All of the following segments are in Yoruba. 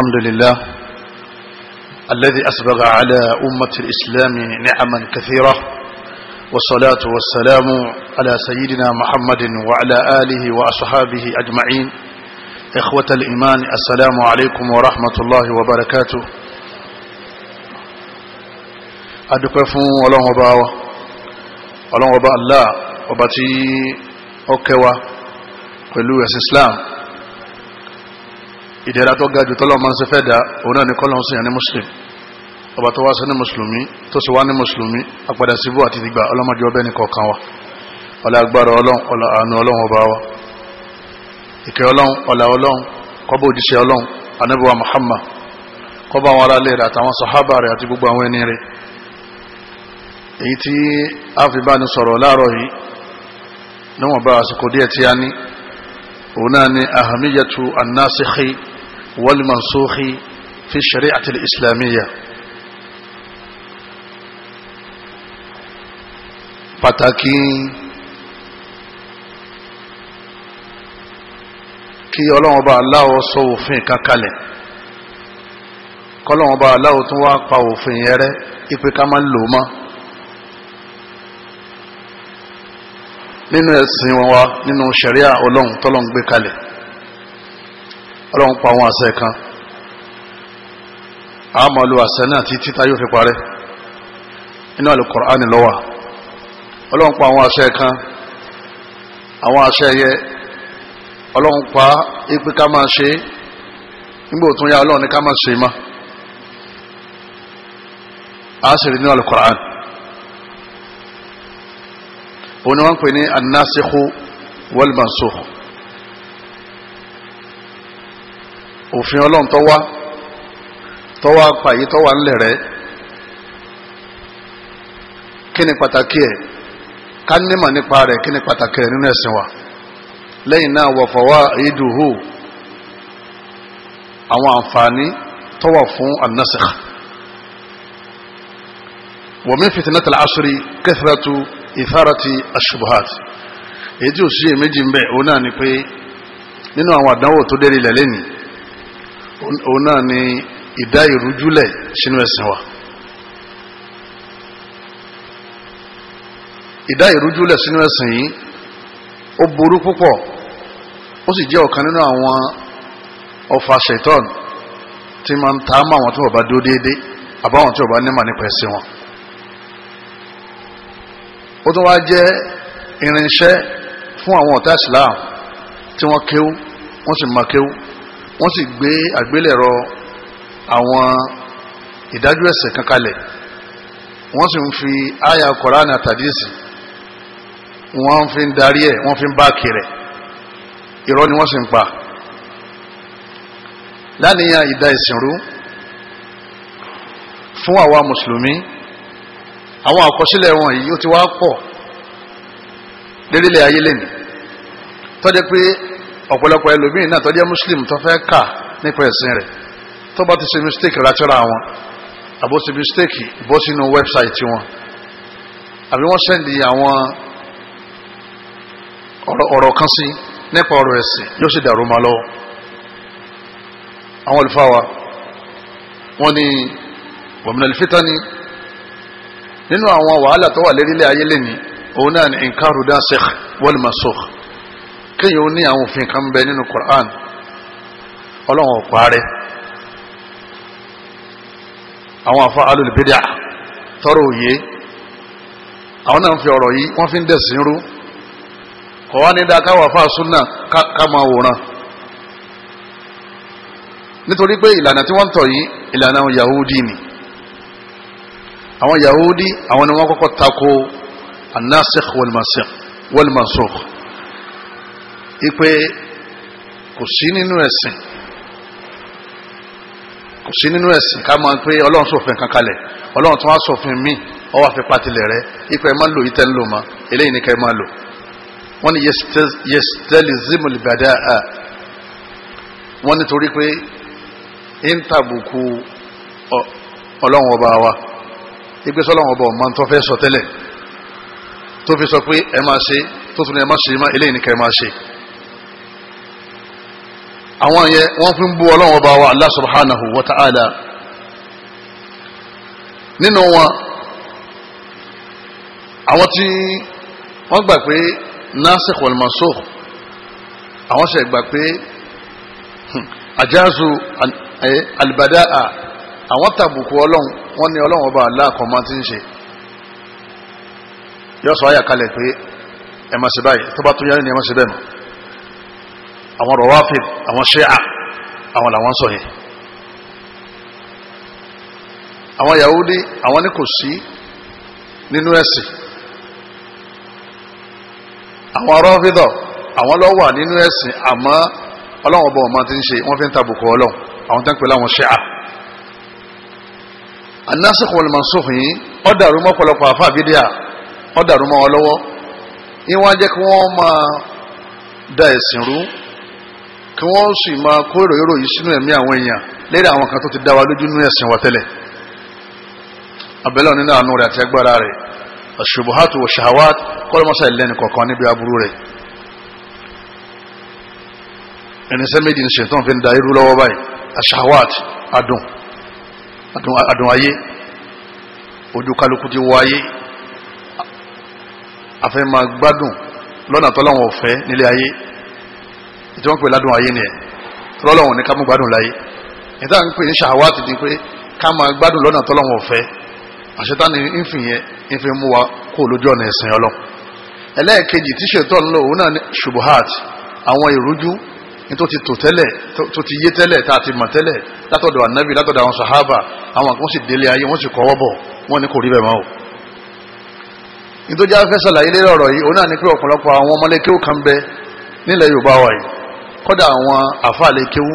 الحمد لله الذي أسبغ على أمة الإسلام نعما كثيرة والصلاة والسلام على سيدنا محمد وعلى آله وأصحابه أجمعين إخوة الإيمان السلام عليكم ورحمة الله وبركاته أدكفون ولهم وباوة ولهم وباء الله وباتي أوكوا قلوا يا إسلام ìdẹ̀ra tó ga jù tọ́lọ́ máa ń ṣe fẹ́ da òun náà ni kọ́lọ́n sí ẹni muslim ọba tó wá sí ní mùsùlùmí tó sì wá ní mùsùlùmí apàdà síbú àti ìgbà ọlọ́mọdé ọbẹ̀ ní kọ̀ọ̀kan wa ọlá agbára ọlọ́run ọlá àánú ọlọ́run ọba wa ìkẹ́ ọlọ́run ọlá ọlọ́run kọ́bọ̀ òjíṣẹ́ ọlọ́run anábíwá Muhammad kọ́bọ̀ àwọn aráalé rẹ̀ àtàwọn sàhábà rẹ̀ àti gbogbo àwọn ẹni rẹ̀ èyí tí a fi bá ní sọ̀rọ̀ láàárọ̀ yìí níwọ̀n bá àsìkò díẹ̀ tí a ní òun náà ni ahamiyatu annasikhi والمنسوخ في الشريعة الإسلامية pàtàkì kí ọlọ́run bá aláwọ̀ sọ òfin kan kalẹ̀ kọ́lọ́run bá aláwọ̀ tún wá pa òfin yẹn rẹ́ ipe ká máa ń lò mọ́ nínú ẹ̀sìn wọn wa nínú ṣẹ̀ríà ọlọ́run tọ́lọ́run gbé kalẹ̀ ọlọ́run pa àwọn àṣẹ kan a máa lo àṣẹ náà tí títa yóò fi parẹ́ inú Al-Qur'ani ló wà ọlọ́run pa àwọn àṣẹ kan àwọn àṣẹ yẹ ọlọ́run pa ipe ká máa ṣe nígbà òtún ya ọlọ́run ní ká máa ṣe má a sì rí nínú Al-Qur'ani òun ni wọ́n ń pè ní an-nasikhu òfin ọlọ́run tó wá tó wá pàyí tó wà ńlẹ̀ rẹ̀ kí ni pàtàkì ẹ̀ ká nímọ̀ nípa rẹ̀ kí ni pàtàkì rẹ̀ nínú ẹ̀sìn wa lẹ́yìn náà wọ̀ fọwọ́ ìdùhù àwọn àǹfààní tó wà fún annasikh wa min fitnatil asri kathratu ìfárati ashubuhat èyí tí ò sí èméjì ń bẹ òun náà ni pé nínú àwọn àdánwò tó dérí ilẹ̀ lẹ́nìí òun náà ni ìdá ìrújúlẹ̀ sínú ẹ̀sìn wa ìdá ìrújúlẹ̀ sínú ẹ̀sìn yìí ó burú púpọ̀ ó sì jẹ́ ọ̀kan nínú àwọn ọfà ṣaitan tí máa ń ta á mọ́ àwọn tí wọ́n bá dúró déédéé àbáwọn tí wọ́n bá nímọ̀ nípa ẹ̀sìn wọn ó tún wá jẹ́ irinṣẹ́ fún àwọn ọ̀tá Islam tí wọ́n kéwú wọ́n sì máa kéwú wọ́n sì gbé àgbélẹ̀rọ àwọn ìdájọ́ ẹ̀sẹ̀ kan kalẹ̀ wọ́n sì ń fi àyà kọ̀ránì àtàdísì wọ́n fi ń darí ẹ̀ wọ́n fi ń báàkì rẹ̀ irọ́ ni wọ́n sì ń pa láníyàn ìdá ìsìnrú fún àwa mùsùlùmí àwọn àkọsílẹ̀ wọn yìí ó ti wá pọ̀ lérílẹ̀ ayé lẹ́nu tọ́jú pé ọ̀pọ̀lọpọ̀ ẹlòmíì náà tó jẹ́ muslim tó fẹ́ kà nípa ẹ̀sìn rẹ̀ tó bá ti ṣe mistake látọ́ra wọn àbó ṣe mistake bó sínú wẹ́bsáìtì wọn àbí wọ́n sẹ́ndì àwọn ọ̀rọ̀ kan sí nípa ọ̀rọ̀ ẹ̀sìn yóò sì dàrú ma lọ́wọ́ àwọn olùfà wa wọ́n ní wàmìnàlì ni, nínú àwọn wàhálà tó wà lérílẹ̀ ayé lẹ́ni òun náà ní nǹkan rúdá wọ́n lè máa sọ̀rọ̀ kéèyàn ní àwọn òfin kan bẹ nínú Qur'an ọlọ́run ọ̀pá rẹ àwọn afa alùlùbẹ́dà tọrọ òye àwọn náà ń fi ọ̀rọ̀ yìí wọ́n fi ń dẹ̀sìn rú kọ̀ wá ní dáa káwọn afa súnà ká máa wòran nítorí pé ìlànà tí wọ́n ń tọ̀ yìí ìlànà àwọn Yahudi ni àwọn Yahudi àwọn ni wọ́n kọ́kọ́ tako an-nasikh wal ipe kò sí nínú ẹ̀sìn kò sí nínú ẹ̀sìn ká máa pé ọlọ́run sòfin kan kalẹ̀ ọlọ́run tó wá sòfin míì ọwọ́ àfipá tilẹ̀ rẹ ipe ẹ̀ máa ń lò yìí tẹ́ ń lò mọ́ eléyìí ni ká ẹ máa lò wọ́n ní yestelizim libada a wọ́n nítorí pé ń tàbùkù ọlọ́run ọba wa ipe sọlọ́run ọba ọ̀ma tó fẹ́ sọ tẹ́lẹ̀ tó fi sọ pé ẹ máa ṣe tó tún ẹ máa ṣe eléyìí ni ká ẹ máa ṣe àwọn yẹn wọ́n fi ń bú ọlọ́run ọba wa Allah subhanahu wa ta'ala nínú wọn àwọn tí wọ́n gbà pé nasikh wal mansukh àwọn sì gbà pé àjáàzù hmm, eh, albada'a àwọn tàbùkù ọlọ́run wọ́n ní ọlọ́run ọba aláàkọ́ máa ti ń ṣe yọ́sọ̀ ayà kalẹ̀ pé ẹ má ṣe báyìí tó bá tó yá ní ẹ má ṣe bẹ́ẹ̀ mọ́ àwọn rọwáfíd àwọn ṣíà àwọn làwọn sọ yẹn àwọn yahudi àwọn ní kò sí nínú ẹ̀sìn àwọn rọfídọ àwọn lọ wà nínú ẹ̀sìn àmọ́ ọlọ́wọ́n bọ̀ ọmọ ti ń ṣe wọ́n fi ń tàbùkù ọlọ́wọ́ àwọn tó ń pè láwọn ṣíà anásìkò wal mansukh yìí ọ̀dàrú mọ́ pọ̀lọpọ̀ àfa ọ̀dàrú mọ́ ọ lọ́wọ́ ìwọ́n á jẹ́ kí wọ́n máa da ẹ̀sìn rú kí wọ́n sì máa kó èrò yìí sínú ẹ̀mí àwọn èèyàn lérí àwọn kan tó ti dá wa lójú nínú ẹ̀sìn wa tẹ́lẹ̀ abẹ́lẹ́ nínú àánú rẹ̀ àti agbára rẹ̀ aṣubuhatu wa shahawat kọ́lọ́mọ́sá ìlẹ́nu kọ̀ọ̀kan níbi aburú rẹ̀ ẹnisẹ́ méjì ní ṣètò fi ń da irú lọ́wọ́ báyìí ashahawat adùn adùn ayé ojú kálukú ti wọ ayé afẹ́ máa gbádùn lọ́nà tọ́lọ́wọ̀n ọ̀fẹ́ nílé ayé ìtí wọ́n pè ládùn ayé nìyẹn tọ́lọ́wọ̀n ní ká mú gbádùn láyé ìta ń pè ní ṣàwátì ni pé ká máa gbádùn lọ́nà tọ́lọ́wọ̀n ọ̀fẹ́ àṣetánì ìfìyẹn ìfi mú wa kó lójú ọ̀nà ẹ̀sìn ọlọ́run ẹlẹ́ẹ̀kejì tí ṣètò ń lò òun náà ní ṣubuhat àwọn ìrújú tó ti tò tẹ́lẹ̀ tó ti yé tẹ́lẹ̀ tá a ti mọ̀ tẹ́lẹ̀ látọ̀dọ̀ ànábì látọ̀dọ̀ àwọn sàhábà àwọn kan sì délé ayé wọ́n sì kọ́wọ́ bọ̀ wọ́n ní kò rí bẹ́ẹ̀ mọ́ o. nítorí afẹ́ sàlàyé lérò ọ̀rọ̀ yìí òun náà ní pé ọ̀pọ̀lọpọ̀ àwọn ọmọlẹ́kẹ́ kan bẹ nílẹ̀ Yorùbá wa yìí kọ́dà àwọn àfáàlẹ̀ kéwú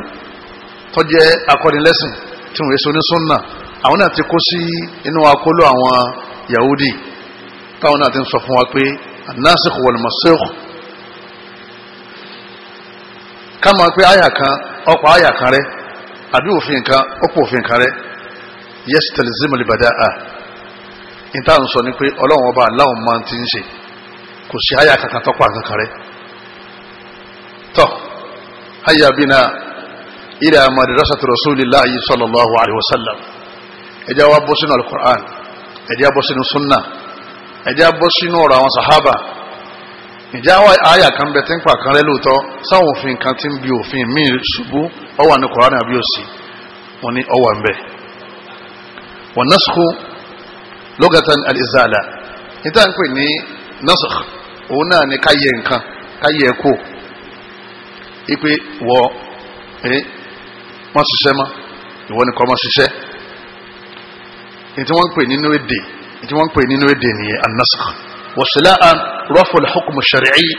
tó jẹ́ akọ́nilẹ́sìn tí wọ́n èso ní súnà àwọn náà ti kó sí inú akóló àwọn Yahudi táwọn náà ti sọ fún wa pé anasikh wal masikh ká máa pé àyà kan ọ̀pọ̀ àyà kan rẹ àbí òfin kan ọ̀pọ̀ òfin kan rẹ yẹsì tẹlifíṣìmù libada a níta ń sọ ni pé ọlọ́run ọba aláwọ̀ máa ti ń ṣe kò sí àyà kankan tọ́pọ̀ àkankan rẹ tọ́ hayya bina ila madrasati rasulillahi sallallahu alayhi wa sallam ẹ jẹ́ wá bọ́ sínú alukur'an ẹ jẹ́ bọ́ sínú sunna ẹ jẹ́ bọ́ sínú ọ̀rọ̀ àwọn sahaba ìjà àyà kan bẹ tí ń pa kan rẹ lóòótọ́ sáwọn òfin kan tí ń bi òfin míì ṣubú ó wà ní kur'an àbí òsì wọn ni ó wà ń bẹ. wọn nasku lugatan al-izala níta ń pè ní nasakh òun náà ni ká yẹ nǹkan ká yẹ kó ipe wọ ẹ má ṣiṣẹ́ mọ́ ìwọ ni kọ́ má ṣiṣẹ́ ètí wọ́n ń pè nínú èdè ètí wọ́n ń pè nínú èdè nìyẹn an-nasakh wasila'a rafu al-hukm ash-shar'i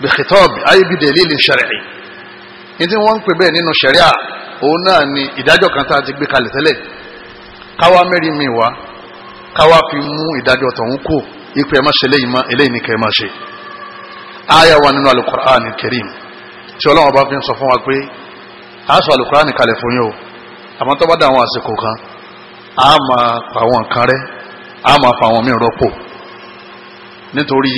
bi khitab ay bi ètí wọ́n pè bẹ́ẹ̀ nínú sẹ̀ríà òun náà ni ìdájọ́ kan tá a ti gbé kalẹ̀ tẹ́lẹ̀ káwa mẹ́rin mi wá káwa fi mú ìdájọ́ tọ̀hún kù ipe ẹ̀ má ṣe eléyìí má eléyìí ni kẹ́ ẹ má ṣe. aya wa nínú al-Qur'an al tí ọlọ́wọ́n bá fi ń sọ fún wa pé a sọ alukurani kalẹ̀ fún yín o àmọ́ tó bá dá àwọn àsìkò kan a máa pa àwọn nǹkan rẹ a máa fa àwọn míì rọ́pò nítorí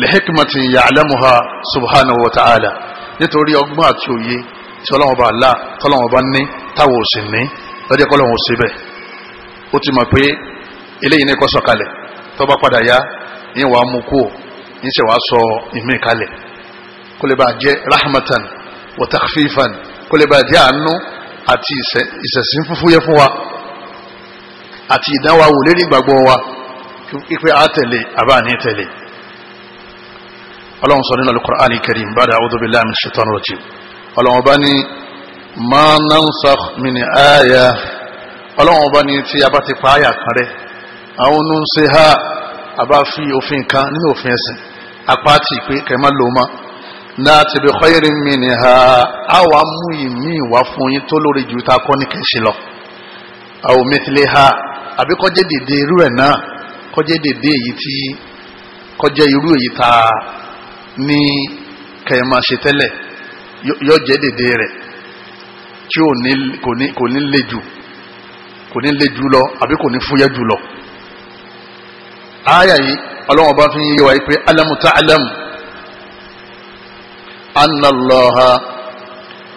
lehikimati ya'lamuha subhanahu wa ta'ala nítorí ọgbọ́n àti òye tí ọlọ́wọ́n bá la tọ́lọ́wọ́n bá ní táwọn ò sì ní lọ́jọ́ kọ́lọ́wọ́n ò sí bẹ́ẹ̀ ó ti mọ̀ pé eléyìí ní kọ́ sọ kalẹ̀ tó bá padà yá ìyẹn wàá mú kú ò ń wàá sọ ìmí kalẹ̀ kó lè bá jẹ́ rahmatan wa takhfifan kó lè bá jẹ́ àánú àti ìṣẹ̀sìn fúfúyẹ́ fún wa àti ìdánwà wò lérí ìgbàgbọ́ wa ipe a tẹ̀lé àbá ní tẹ̀lé ọlọ́run sọ nínú al-Qur'an al-Karim ba'da a'udhu billahi minash shaitani rajim ọlọ́run ọba ní ma nansakh min aya ọlọ́run ọba ní tí a bá ti pa àyà kan rẹ àwọn onúnṣe ha àbá fi òfin kan nínú òfin ẹ̀sìn apá ti pé kẹ́ẹ̀ má máa náàtì bí khayri minha àwa mú ìmí ìwà fún yín tó lórí ju ta kọ́ ní kẹ̀sí lọ àwọn mẹtìlẹ̀ ha àbí kọjá dèdè irú ẹ̀ náà kọjá dèdè èyí tí kọjá irú èyí ta ní kẹ̀mà ṣe tẹ́lẹ̀ yọ jẹ́ dèdè rẹ̀ tí kò ní le jù kò ní le jù lọ àbí kò ní fúyẹ́ jù lọ. àyà yìí ọlọ́wọ́n bá fi yé wa yìí pé alamu ta alamu. anna Allaha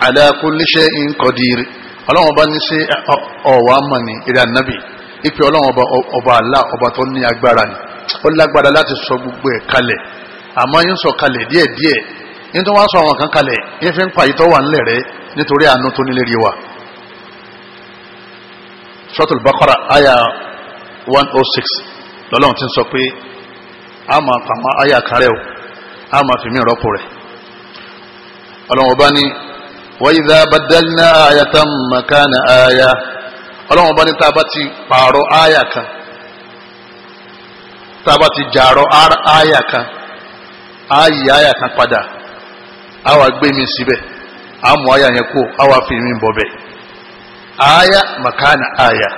ala kulli shay'in qadir ọlọ́run ọba ní ṣe ọ̀wọ́ àmọ̀ ní eré ànábì ìpè ọba ọba ọba tó ní agbára ni ó lágbára láti sọ gbogbo ẹ̀ kalẹ̀ àmọ́ yín sọ kalẹ̀ díẹ̀díẹ̀ yín tó wá sọ àwọn kan kalẹ yín fi ń pa ìtọ́ wà rẹ nítorí àánú tó rí wa. aya one oh ti sọ pé a máa o a máa fi ọlọ́run bá ní wáyídá badalina ayata makana aya ọlọ́run bá ní tá a bá ti pààrọ̀ aya kan tá a bá ti jàrọ̀ aya kan ayi aya kan padà a wà gbé mi síbẹ̀ a mú aya yẹn kó a wà fi mi bọ̀ bẹ̀ aya makana aya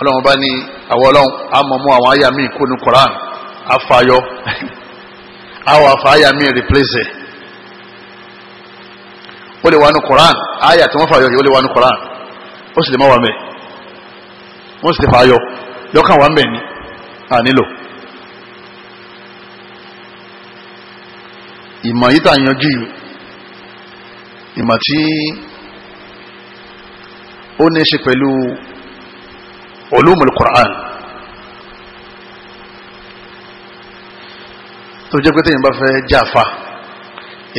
ọlọ́run bá ní àwọn ọlọ́run a mọ̀ mú àwọn aya mi kó ní koran afayọ àwọn afayà mi replace it ó lè wà ní Quran àyà tí wọ́n fà yọ yìí ó lè wà ní Quran ó sì lè má wà mẹ́ wọ́n sì lè fà yọ yọkàn wà mẹ́ ni à nílò. ìmọ̀ yìí tà yanjú yìí ìmọ̀ tí ó ní ṣe pẹ̀lú ulumul Quran tó jẹ́ pé téèyàn bá fẹ́ jáfa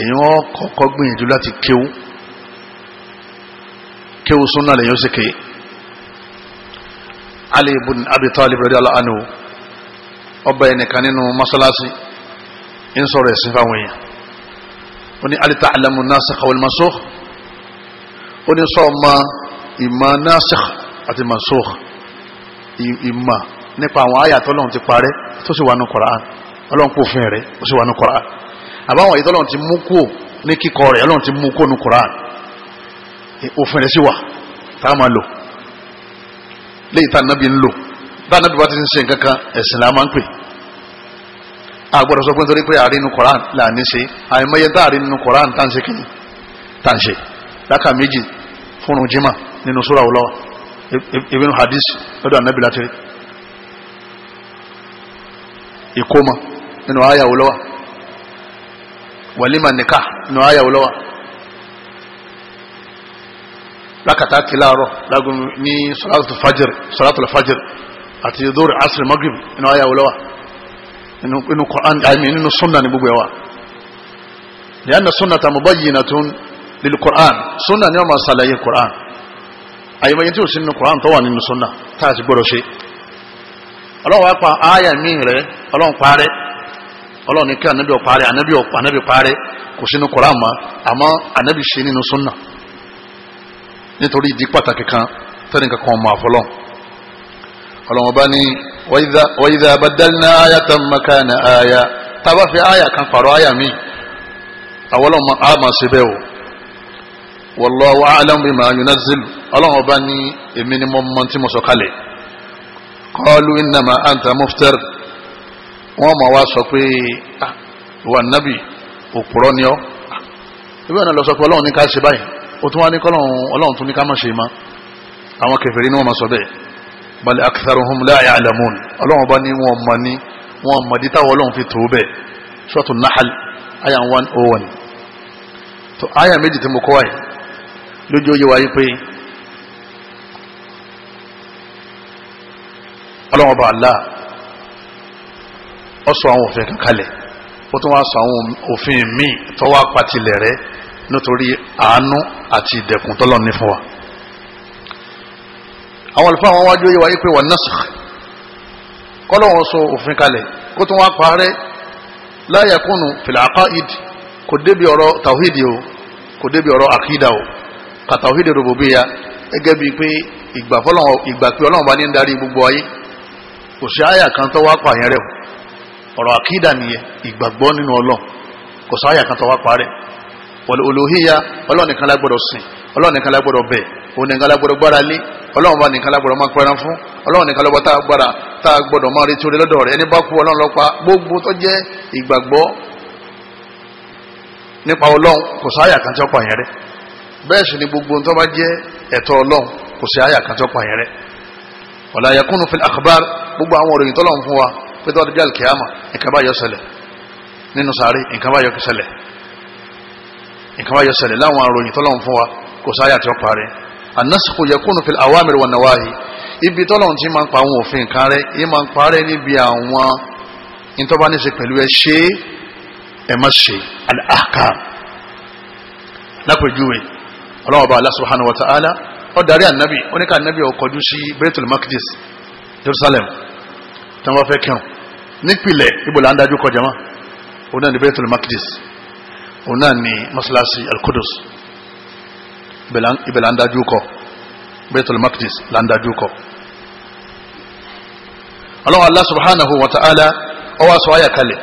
èyàn kọ́kọ́ gbìyànjú láti kéwú kéwú súnà lèyàn sì ké Ali ibn Abi Talib radiyallahu anhu ọba ẹnìkan nínú masalasi ń sọ̀rọ̀ ẹ̀sìn fáwọn èèyàn ó ní alita alamu nasikh wal mansukh ó ní sọ ọmọ ìmọ̀ nasikh àti mansukh ìmọ̀ nípa àwọn àyà tí Ọlọ́run ti parẹ́ tó sì wà ní Qur'an Ọlọ́run kò fún rẹ̀ ó sì wà ní Qur'an àbáwọn ìtọ́ lọ́n ti mú kó ní kíkọ rẹ̀ lọ́n ti mú kó nu Quran òfin rẹ̀ sí wà tá a máa lò léyìí tá nàbí ń lò tá nàbí bá ti ń ṣe nǹkan kan ẹ̀sìn la máa ń pè á gbọ́dọ̀ sọ pé nítorí pé àárín nu Quran là ní ṣe àìmọye tá àárín nu Quran tá ń ṣe kìíní tá ń ṣe láka méjì fúnnu jimá nínú sura ọlọ́wà ibinu hadith lọ́dọ̀ ànábì látẹ̀rẹ̀ ìkómọ nínú àyà ọlọ́wà wàlímà nìkà nù ayà olówà lákàtà kí láàárọ̀ lágùn ní sọ́látùlù fajr àti dóòrè asr magrib nù ayà olówà inú Qur'an àmì nínú sunna ní gbogbo ẹwà lẹ́yìn sunna ta mubayyinatun lil Qur'an sunna ni wọ́n máa ṣàlàyé Qur'an àyẹ̀mọ̀yẹ tí ó sì nínú Qur'an tó wà nínú sunna tá ti gbọ́dọ̀ ṣe ọlọ́run wá pa ááyà rẹ̀ ọlọ́run parẹ́ ọlọ́run ní kí anabi ọ̀parẹ́ anabi ọ̀pọ̀ anabi parẹ́ kò sínú koran mọ́ àmọ́ anabi ṣe nínú sunna nítorí ìdí pàtàkì kan tẹ́lẹ̀ kankan ọmọ àfọlọ́ ọlọ́run bá ní wa idha badalna ayatan makana aya tá a bá fi aya kan pàrọ̀ aya mi àwọn ọlọ́run á máa ṣe bẹ́ẹ̀ o wallahu a'lam bima yunazil ọlọ́run ọba ní èmi ni mo mọ tí mo sọ kalẹ̀ qalu innama anta muftar wọ́n máa wá sọ pé ah, ìwà nábì òpùrọ́ ni ọ́ ah, ìwé ọ̀nà lọ sọ pé ọlọ́run ní ká ṣe báyìí ó tún wá ní kọ́lọ́run ọlọ́run tún ní ká má ṣe má àwọn kèfèrí ni wọ́n máa sọ bẹ́ẹ̀ bal aktharuhum la ya'lamun ọlọ́run bá ní wọn mọ̀ ní wọn mọ̀ dí táwọn ọlọ́run fi tó bẹ́ẹ̀ suratu Nahl aya one oh one tó aya méjì tí mo kọ́ wáyé lójú ó wáyé pé ọlọ́run bá Allah ọ sọ àwọn òfin kan kalẹ̀ ó tún wá sọ àwọn òfin míì tó wá patilẹ̀ rẹ nítorí àánú àti ìdẹ̀kùn tọ́lọ́ ní fún wa. àwọn olùfẹ́ àwọn wájú yìí wáyé pé wọ́n nasakh kọ́lọ́wọ́n sọ òfin kalẹ̀ kó tún wá parẹ́ la yakunu fil aqaid kò débi ọ̀rọ̀ tawhidi o kò débi ọ̀rọ̀ akida o ka tawhidi rububiya gẹ́gẹ́ bíi pé ìgbà pé ọlọ́run bá ní ń darí gbogbo ayé kò sí àyà kan tó wá pààyàn rẹ̀ o ọ̀rọ̀ àkídà nìyẹn ìgbàgbọ́ nínú ọlọ́run kò sáyà kan tó wá parẹ́ olóhíyà ọlọ́run nìkan la gbọ́dọ̀ sìn ọlọ́run nìkan la gbọ́dọ̀ bẹ̀ òun nìkan la gbọ́dọ̀ gbára lé ọlọ́run bá nìkan la gbọ́dọ̀ máa pẹran fún ọlọ́run nìkan lọ́ba tá a gbára tá a gbọ́dọ̀ máa retí orí lọ́dọ̀ rẹ̀ ẹni bá kú ọlọ́run ló pa gbogbo tó jẹ́ ìgbàgbọ́ nípa ọlọ́run kò sáyà kan tó yẹn rẹ bẹ́ẹ̀ sì ni gbogbo tó bá jẹ́ ẹ̀tọ́ ọlọ́run kò sí kan tó yẹn rẹ ọ̀làyàkúnnù fil akhbar gbogbo àwọn òròyìn tọ́lọ́run fún wa pé tó àdúgbò alkiyama nǹkan bá yọ ṣẹlẹ̀ nínú sàárè nǹkan bá yọ ṣẹlẹ̀ nǹkan bá yọ ṣẹlẹ̀ láwọn aròyìn tọ́lọ́run fún wa kò sáyà tí ó parí anásìkò yakunu fil awamir wa nawahi ibi tọ́lọ́run ti máa ń pa àwọn òfin kan rẹ̀ yìí máa ń parẹ́ níbi àwọn ìtọ́ba ní ṣe pẹ̀lú ẹ ṣe ẹ má ṣe al-ahkam ọlọ́wọ́ bá Allah subhanahu wa ta'ala ó darí nípìlẹ̀ ibo là ń dájú kọjá mọ́ òun náà ni Baitul Maqdis òun náà ni masalasi al-Qudus ibẹ̀ là ń dájú kọ Baitul Maqdis là ń dájú kọ. Allah Allah subhanahu wa ta'ala ọwọ́ sọ ayà kalẹ̀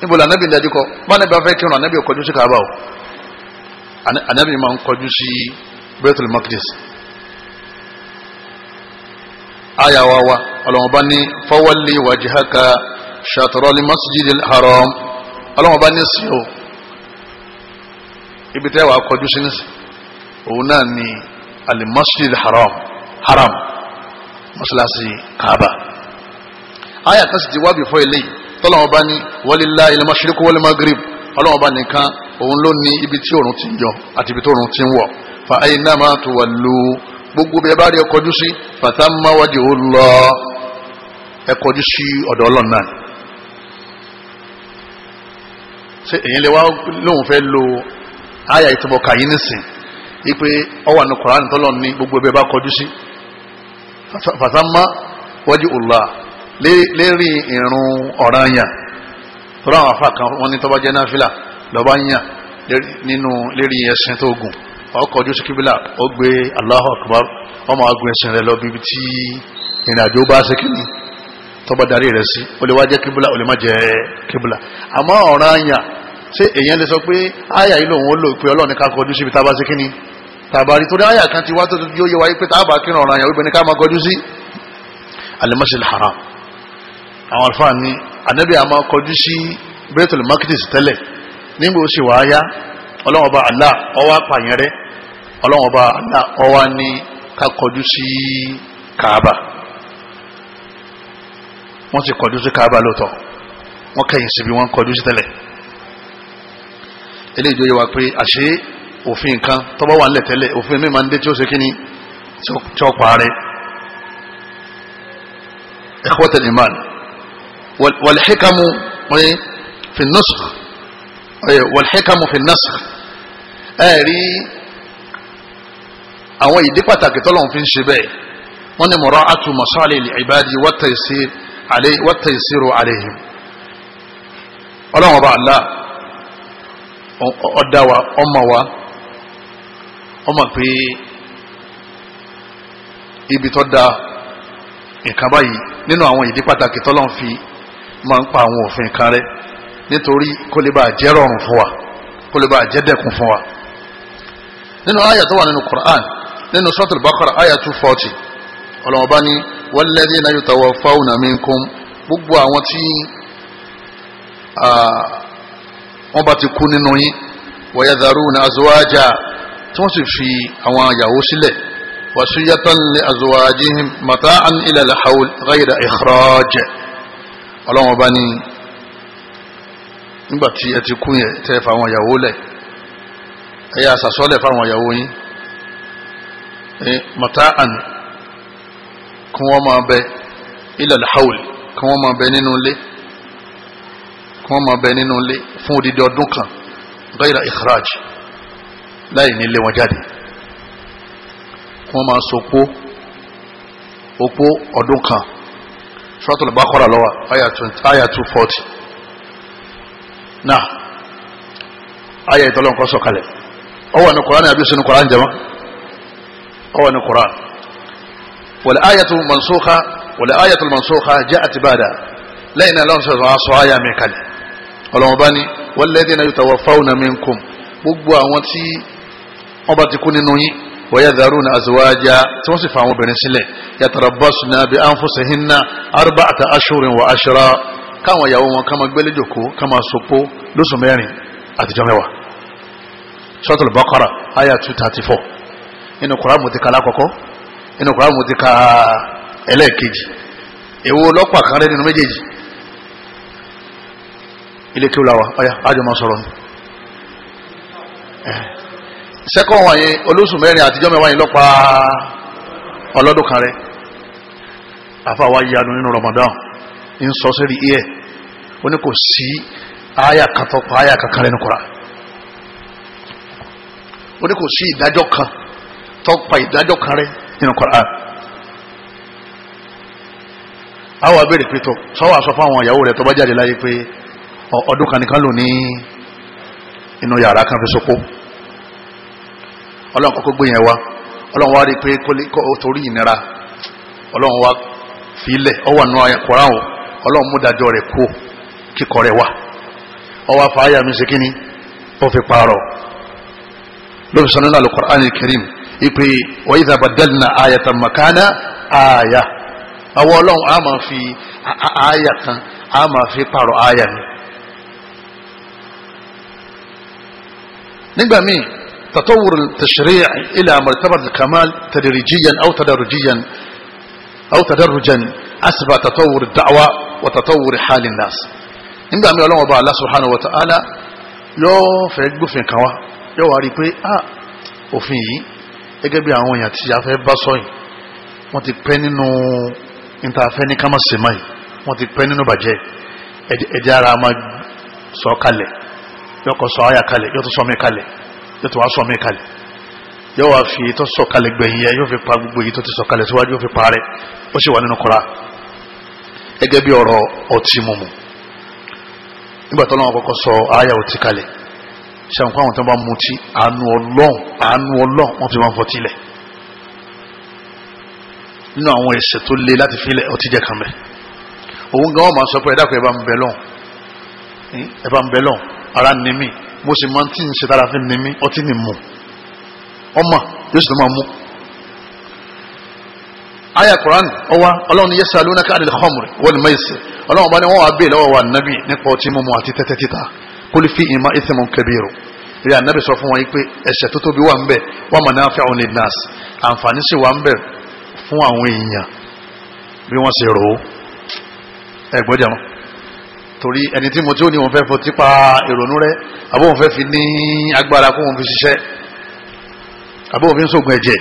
níbo là nábì ń dájú kọ bá nábì afẹ́ kírun ànábì kọjú sí Kaaba o ànábì máa ń kọjú sí Baitul Maqdis aya wa wa ọlọ́wọ́n bá ní fawalli wajhaka shatrali masjidil haram ọlọ́wọ́n bá ní sí o ibi tẹ́ wàá kọjú sí nísì òun náà ni alimasjidil haram haram masalasi kaaba aya kan sì ti wá bìfọ́ eléyìí tọ́lọ́wọ́n bá ní walillahil mashriqu wal maghrib ọlọ́wọ́n bá nìkan òun ló ní ibi tí òun ti ń yọ àti ibi tí òun ti ń wọ̀ fa aynama tuwallu. gbogbo bẹ́ẹ̀ bá rí ẹ kọjú sí fathamma wajhu Allah ẹ kọjú sí náà ṣe èyí lè lo àyà ìtumọ̀ kàyí nísìn ipe ọwà ní Kùránì tọ́lọ̀ ní gbogbo bẹ́ẹ̀ bá kọjú sí fathamma wajhu Allah lérí ìrun ọ̀ranyàn tọ́lá àwọn afá kan wọ́n ní tọ́bajẹ́ náà fìlà lọ́ba yàn ọkọ̀ ojú síkíbílà ó gbé Allahu Akbar ọmọ agun ẹ̀sìn rẹ lọ bíbi tí ìrìn àjò bá ṣe kíni tọ́ba darí rẹ sí ó lè wá jẹ́ kíbílà ó lè má jẹ́ kíbílà àmọ́ ọ̀ràn àyà ṣé èèyàn lè sọ pé àyà yìí lòun ó lò pé Ọlọ́run ní ká kọjú síbi tá a bá ṣe kíni tàbárí torí àyà kan ti wá tó yóò yẹ wáyé pé tá a bá àyà obìnrin ká máa kọjú sí al-Masjid àwọn àlùfáà ni ànábì àmọ́ kọjú sí Baitul Maqdis tẹ́lẹ̀ nígbà ó sì wáyá ọlọ́wọ́n bá Allah ọwọ́ apààyàn ọlọ́wọ́n bá ọwá ní ká kọjú sí kaaba wọ́n ti kọjú sí kaaba lóòótọ́ wọ́n kẹ́yìn síbi wọ́n kọjú sí tẹ́lẹ̀ eléyìí jọ yẹ wá pé àṣé òfin nǹkan tọ́bọ̀ wà nílẹ̀ tẹ́lẹ̀ òfin mi máa ń dé tí ó ṣe kíni tí ó parẹ́ ẹ̀kọ́ tẹ̀lé iman wàlíhíkàmù fi nasakh wàlíhíkàmù fi nasakh ẹ̀rí àwọn ìdí pàtàkì tọ́lọ́run fi ń ṣe bẹ́ẹ̀ wọ́n ní mura'atu masalil ibadi wat-taysiru alayhim ọlọ́run ọba Allah ọ̀dà wa ọmọ wa ọmọ pé ibi tó da nǹkan báyìí nínú àwọn ìdí pàtàkì tọ́lọ́run fi máa ń pa àwọn òfin kan rẹ nítorí kó lè bá jẹ́ rọrùn fún wa kó lè bá jẹ́ dẹ̀kùn fún wa nínú àyà nínú Qur'an nínú suratul Baqara àyà two forty ọlọ́wọ́n bá ní walladhina yutawaffawna minkum gbogbo àwọn tí wọ́n bá ti kú nínú yín wa yadharuna azwaja tí wọ́n sì fi àwọn ìyàwó sílẹ̀ wasiyatan li azwajihim mata'an ila al-hawl ghayra ikhraj ọlọ́wọ́n bá ní nígbà tí ẹ ti kú yẹn tẹ́ fà àwọn ìyàwó lẹ̀ ẹ yà sàsọ́lẹ̀ fáwọn ìyàwó yín mataan kún wọ́n máa bẹ ilal hawl kún wọ́n máa bẹ nínú ilé kún wọ́n máa bẹ nínú ilé fún odidi ọdún kan gaira ikhraj láì nílé wọn jáde kún wọ́n máa sopó opó ọdún kan suratul baqara lọ́wọ́ aya 240 náà aya ìtọ́lọ́nkọ́ sọ̀kalẹ̀ ọwọ́ ní kọ́ránì àbí sínú kọ́ránì jẹ́mọ́ ọwọ́ ní Quran wal ayatu mansukha wal ayatu mansukha ja'at ba'da lẹ́yìn náà lọ́nà sọ̀rọ̀ aṣọ àyà mi kalẹ̀ ọlọ́wọ́n bá ní walladhina yutawaffawna minkum gbogbo àwọn tí wọ́n bá ti kú nínú yín wa yadharuna azwaja tí wọ́n sì fa àwọn obìnrin sílẹ̀ yatarabbasna bi anfusihinna arba'ata ashhurin wa ashra káwọn ìyàwó wọn ká máa gbélé jòkó ká máa sopó lóṣù mẹ́rin àtijọ́ mẹ́wàá Suratul Baqara aya two thirty four inú Kùránì mo ti ka lákọ̀ọ́kọ́ inú Kùránì mo ti ka ẹlẹ́ẹ̀kejì èwo lọ́pàá kan rẹ nínú méjèèjì ilé kí ó la wa ọ̀yà àjọ máa sọ̀rọ̀ ni sẹ́kọ̀ wọn yẹn olóṣù mẹ́rin àtijọ́ mẹ́wàá yẹn lọ́pàá ọlọ́dún kan rẹ àfa wa yanu nínú Ramadan ń sọ sẹ́rí iye ó ní kò sí aya kan tó aya kankan rẹ nínú Kùránì ó ní kò sí ìdájọ́ kan tọ́pa ìdájọ́ kan rẹ nínú Qur'an àwọn abẹ́rẹ́ pé tọ́ sọ́wọ́ àsọ fún àwọn ìyàwó rẹ̀ tó bá jáde láyé pé ọdún kan nìkan lò ní inú yàrá kan fi sopó ọlọ́run kọ́kọ́ gbé yẹn wá ọlọ́run wá rí i pé kó torí ìnira ọlọ́run wá filẹ̀ ọ wà nù Qur'an o ọlọ́run mú dájọ́ rẹ̀ kú kíkọ́ rẹ̀ wá ọwọ́ afáyà mi ṣe ó fi pààrọ̀ lóbi sọ nínú Al-Qur'an Al-Karim ipe wọ́n yìí sàbàdàlìnà àyàtà màkánà àyà àwọn ọlọ́run a máa fi àyà kan a máa fi pààrọ̀ àyà ni. nígbà míì تطور التشريع إلى مرتبة الكمال تدريجيا أو تدرجيا أو تدرجا أسبى تطور الدعوة وتطور حال الناس nígbà míì ọlọ́run ọba Allah subhanahu wa ta'ala yóò fẹ́ gbófin kan wá yóò wá rí i pé ah, òfin yìí gẹ́gẹ́ bí àwọn èèyàn tí a fẹ́ bá sọ́yìn wọ́n ti pẹ́ nínú ìtafẹ́ ní kámọ̀sẹ̀mọ́ yìí wọ́n ti pẹ́ nínú bàjẹ́ ẹ̀jẹ̀ ara máa sọ kalẹ̀ yọkọ̀ sọ àyà kalẹ̀ yọtọ̀ sọ mi kalẹ̀ yọtọ̀ wá sọ mi kalẹ̀ yọ wá fi tó sọ kalẹ̀ gbẹ̀yìn yẹ yóò fi pa gbogbo èyí tó ti sọ kalẹ̀ síwájú yóò fi parẹ́ ó sì wà nínú kura gẹ́gẹ́ bí ọ̀rọ̀ ọtí mímu nígbà tó lọ́wọ́ kọ́kọ́ sọ àyà ọtí kalẹ̀ ṣàǹkó àwọn tó bá mutí àánú ọlọ́run àánú ọlọ́run wọ́n fi máa ń fọtí lẹ̀ nínú àwọn ẹ̀ṣẹ̀ tó le láti fi lẹ̀ ọtí jẹ́ kan bẹ́ẹ̀ òun gan wọn máa sọ pé ẹ dákun ẹ bá ń bẹ lọ́hùn hmm? ẹ bá ń bẹ lọ́hùn ara ni mí mo sì máa ń tí ń ṣe tára fi ni mí ọtí ni mu ọmọ yóò sì tó máa mú. aya Quran ọwa ọlọ́run ni yẹsẹ̀ alónaka àdìlẹ̀ khamri wal maisir ọlọ́run bá ní wọ́n wá bèè lọ́wọ́ wa nàbì nípa ọtí mímu àti tẹ́tẹ́ títà kólí fi ìmọ̀ ìsìnmọ̀ kẹbìrù rí ànábì sọ fún wọn yìí pé ẹ̀ṣẹ̀ tó tóbi wà ń bẹ wọ́n mọ̀ náà fẹ́ àwọn ní nas àǹfààní sì wà ń bẹ fún àwọn èèyàn bí wọ́n ṣe rò ó ẹ̀gbọ́n jàmọ́ torí ẹni tí mo tí ó ní wọn fẹ́ fọ tipa ìrònú rẹ àbó wọn fẹ́ fi ní agbára kó wọn fi ṣiṣẹ́ àbó wọn fi ń sògùn ẹ̀jẹ̀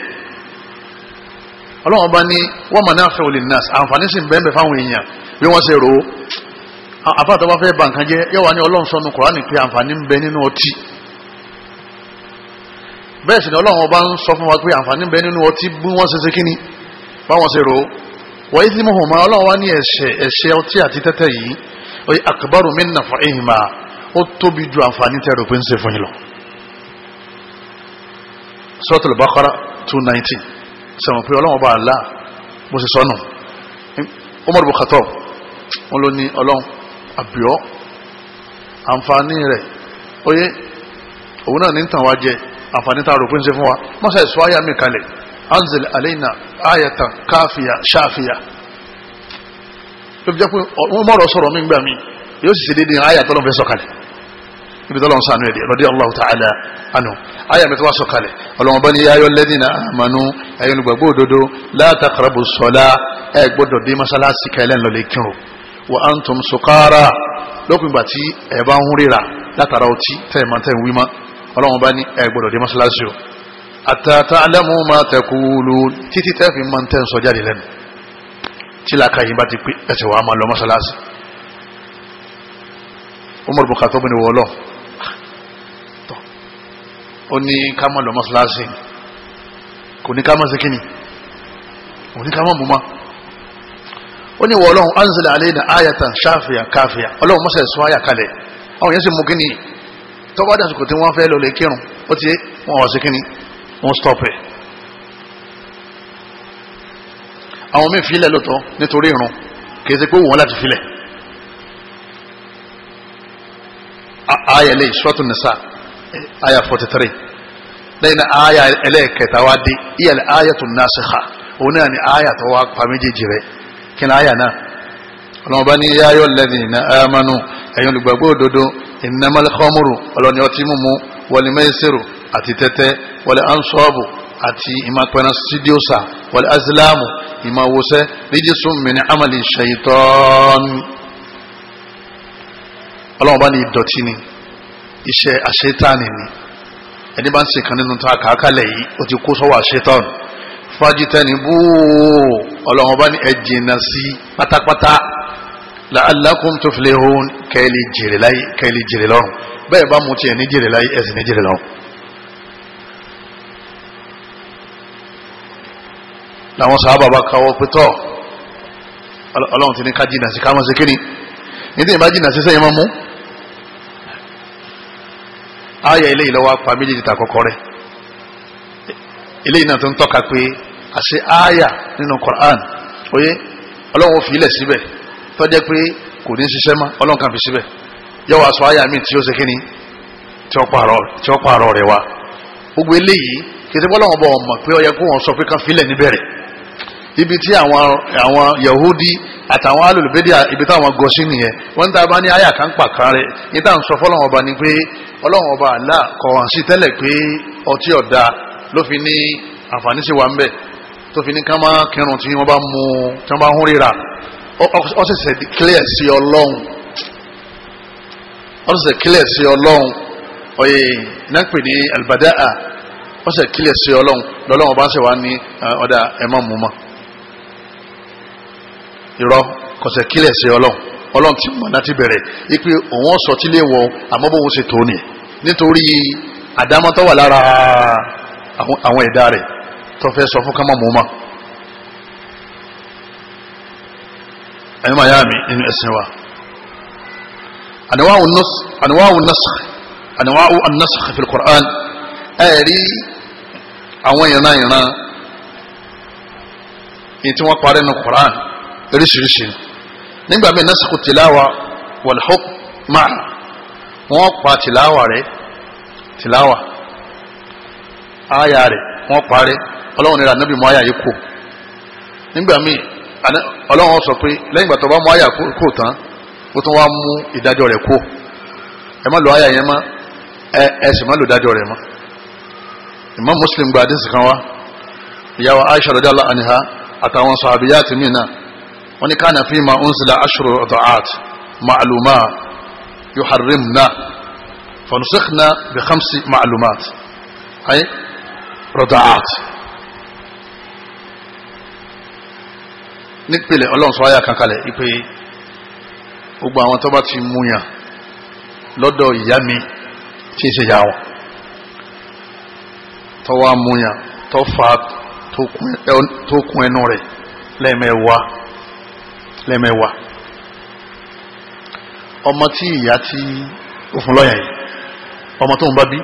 ọlọ́wọ́n bá ní wọ́n mọ̀ náà fẹ́ àwọn ní nas àǹfààní sì ń bẹ fáwọn èèyàn bí wọ́n ṣe rò ó Ah, àbá tó bá fẹ́ bà nǹkan jẹ́ yẹ́wà ní ọlọ́run sọnù kùránì pé àǹfààní ń bẹ nínú ọtí bẹ́ẹ̀ sì ni ọlọ́run ọba ń sọ fún wa pé àǹfààní ń bẹ nínú ọtí bí wọ́n ṣe ṣe kí ni báwọn ṣe rò ó wọ́n yìí mú hùmá ọlọ́run wá ní ẹ̀ṣẹ̀ ẹ̀ṣẹ̀ ọtí àti tẹ́tẹ́ yìí oye akbaru min naf'ihima ó tóbi ju àǹfààní tẹ́ rò pé ń ṣe fún yín lọ. suratul two nineteen sẹ̀wọ̀n pé ọlọ́run ọba àlá bó ṣe sọnù Umar bin Khattab wọn ọlọ́run àbíọ́ àǹfààní rẹ̀ oyé òun náà ní ń tàn wá jẹ àǹfààní tá a rò pé ń ṣe fún wa mọ́sá ìṣó àyà mi kalẹ̀ anzil aleina ayatan káfíà ṣáfíà tó fi jẹ́ pé wọ́n mọ̀rọ̀ sọ̀rọ̀ mí gbà mí yóò sì ṣe déédéé àyà tó lọ́n fẹ́ sọ̀kalẹ̀ ibi tó lọ́n sànú ẹ̀dẹ̀ radi Allahu ta'ala anhu àyà mi tó wá sọ̀kalẹ̀ ọlọ́mọba ni yáyọ lẹ́dínà àmánú ẹ̀yọ́nugbàgbọ́ òdodo la taqrabu ẹ̀ gbọ́dọ̀ dé mọ́sálásí kẹlẹ́ ńlọ lè kírun wa antum sukara lópin ìgbà tí ẹ bá ń ríra látara ọtí tẹ́ẹ̀mọ́ tẹ́ẹ̀ wí mọ́ ọlọ́run bá ní ẹ gbọ́dọ̀ dé mọ́ṣáláṣí o àtàtà alẹ́mú máa tẹ̀kú lu títí tẹ́ẹ̀fì máa ń tẹ́ ń sọ jáde lẹ́nu tí làákà yìí bá ti pé ẹsẹ̀ wàá máa lọ mọ́ṣáláṣí Umar bukar tó bẹ̀rẹ̀ wọ́ọ́lọ́ ó ní ká máa lọ mọ́ṣáláṣí kò ní ká máa ṣe kíni kò ní ká máa mú ó ní ìwọ ọlọ́run anzala alayna ayatan shafiya kafiya ọlọ́run mọ́sẹ̀ sọ àyà kalẹ̀ àwọn yẹn sì mú kíni tọ́wọ́ dàsìkò tí wọ́n fẹ́ lọ lè kírun ó ti wọn ọ̀ sí kíni wọ́n stop ẹ̀. àwọn míì filẹ̀ lóòótọ́ nítorí irun kì í ṣe pé wọ́n láti filẹ̀. ayẹlẹ Suratu Nisa aya forty three lẹ́yìn náà aya ẹlẹ́ẹ̀kẹta wá dé iyẹlẹ ayatun nasikha òun náà ni aya tó wá pa méjèèjì kí ni àyà náà ọlọ́run bá ní yá ayọ́ lẹ́dìn iná amánú ẹ̀yin olùgbàgbọ́ òdodo innamal khamru ọlọ́ni ọtí mímu wal maisiru àti tẹ́tẹ́ wal ansọ́ọ̀bù àti ìmàpẹ̀rẹ̀ sídíòsà wal azlamu ìmàwòsẹ́ rijsun min amali shaytan ọlọ́run bá ní ìdọ̀tí ni iṣẹ́ àṣetáni ni ẹni bá ń ṣe kan nínú tó àkàkálẹ̀ yìí ó ti kó sọ́wọ́ àṣetán fájitẹ́ni búùú ọlọ́run bá ní ẹ jìnnà sí pátápátá la'allakum tuflihun kẹ́lí jèrè láyé kẹ́lí jèrè lọ́run bẹ́ẹ̀ bá mutí ẹ̀ ní jèrè láyé ẹ̀ sì ní jèrè lọ́run. làwọn sábà bá káwọ́ pétọ́ ọlọ́run ti ní ká jìnnà sí ká máa ṣe kíni ní tí ìbá jìnnà sí sẹ́yìn máa mú. ayọ̀ ilé ìlọ́wọ́ apá méjèèjì ta kọ́kọ́ rẹ̀ ilé ìnáà tó ń tọ́ka pé àti aya nínú Qur'an oye, ọlọ́run fi ilẹ̀ síbẹ̀ tó jẹ́ pé kò ní ṣiṣẹ́ mọ́ ọlọ́run kan fi síbẹ̀ yọ wá sọ aya mi tí ó ṣe kíni tí ó pààrọ̀ rẹ̀ wá gbogbo eléyìí kìtì bọ́lọ́run bọ̀ mọ̀ pé ó kó wọn sọ pé kan filẹ̀ níbẹ̀rẹ̀ ibi tí àwọn Yahudi àtàwọn alùlùbẹ́dì ibi táwọn gọ̀ọ́sí nìyẹn wọ́n ń ta bá ní aya kan pa kan rẹ̀ yìí tá à ń sọ fọ́lọ́run ọba ni pé ọlọ́run ọba àlá kọ̀ sí tẹ́lẹ̀ pé ọtí ọ̀dà ló fi ní àǹfààní sí wa ń bẹ̀ tó fi ní ká máa kírun tí wọ́n bá mú tí wọ́n bá hún ríra ó sì ṣe clear sí ọlọ́run ó sì ṣe clear sí ọlọ́run oyè náà pè ní albada'a ó sì ṣe clear sí ọlọ́run lọ́lọ́run bá ń ṣe wá ní ọ̀dà ẹ̀mọ́ mú mọ́ irọ́ kò sì clear sí ọlọ́run ọlọ́run ti mọ̀ láti bẹ̀rẹ̀ ipe òun ọ̀sọ̀ tí lè wọ àmọ́ bóun ṣe tó ni nítorí àdámọ́tọ́ wà lára àwọn ẹ̀dá rẹ̀ tó fẹ́ sọ fún kama mọ́ọ́má ẹni máa yá mi nínú ẹsẹ̀ wa àníwáwò nasakh àníwáwò nasakh fi Qur'an ẹ rí àwọn ìran ìran èyí tí wọ́n parí nínú Qur'an oríṣiríṣi nígbà míì nasakh tìláwa wàlúhùk máa wọ́n pa tìláwa rẹ̀ tìláwa ááyà wọ́n parẹ́ ọlọ́run ní ànábì mú àyà yìí kù nígbà míì ọlọ́run sọ pé lẹ́yìn ìgbà tó bá mú àyà kù tán ó tún wá mú ìdájọ́ rẹ̀ kù ẹ má lo àyà yẹn mọ́ ẹ ẹ sì má lo ìdájọ́ rẹ̀ mọ́ Imam Muslim gba àdínsì kan wá ìyá wa Aisha radiyallahu anha àtàwọn sahabiyati mí náà wọ́n ní kana fi ma unzila ashru ta'at ma'luma yuharrimna fanusikhna bi khamsi ma'lumat rọtaat nípìnlẹ̀ ọlọ́run sọ ayé àkàkalẹ̀ ipe gbogbo àwọn tó bá ti mú yàn lọ́dọ̀ ìyá mi tí ń ṣe ìyá wọn tó wá mú tó kún ẹnu rẹ̀ lẹ́ẹ̀mẹ́wàá ọmọ tí ìyá tí ó fún lọ́yàn yìí ọmọ tó ń bá bí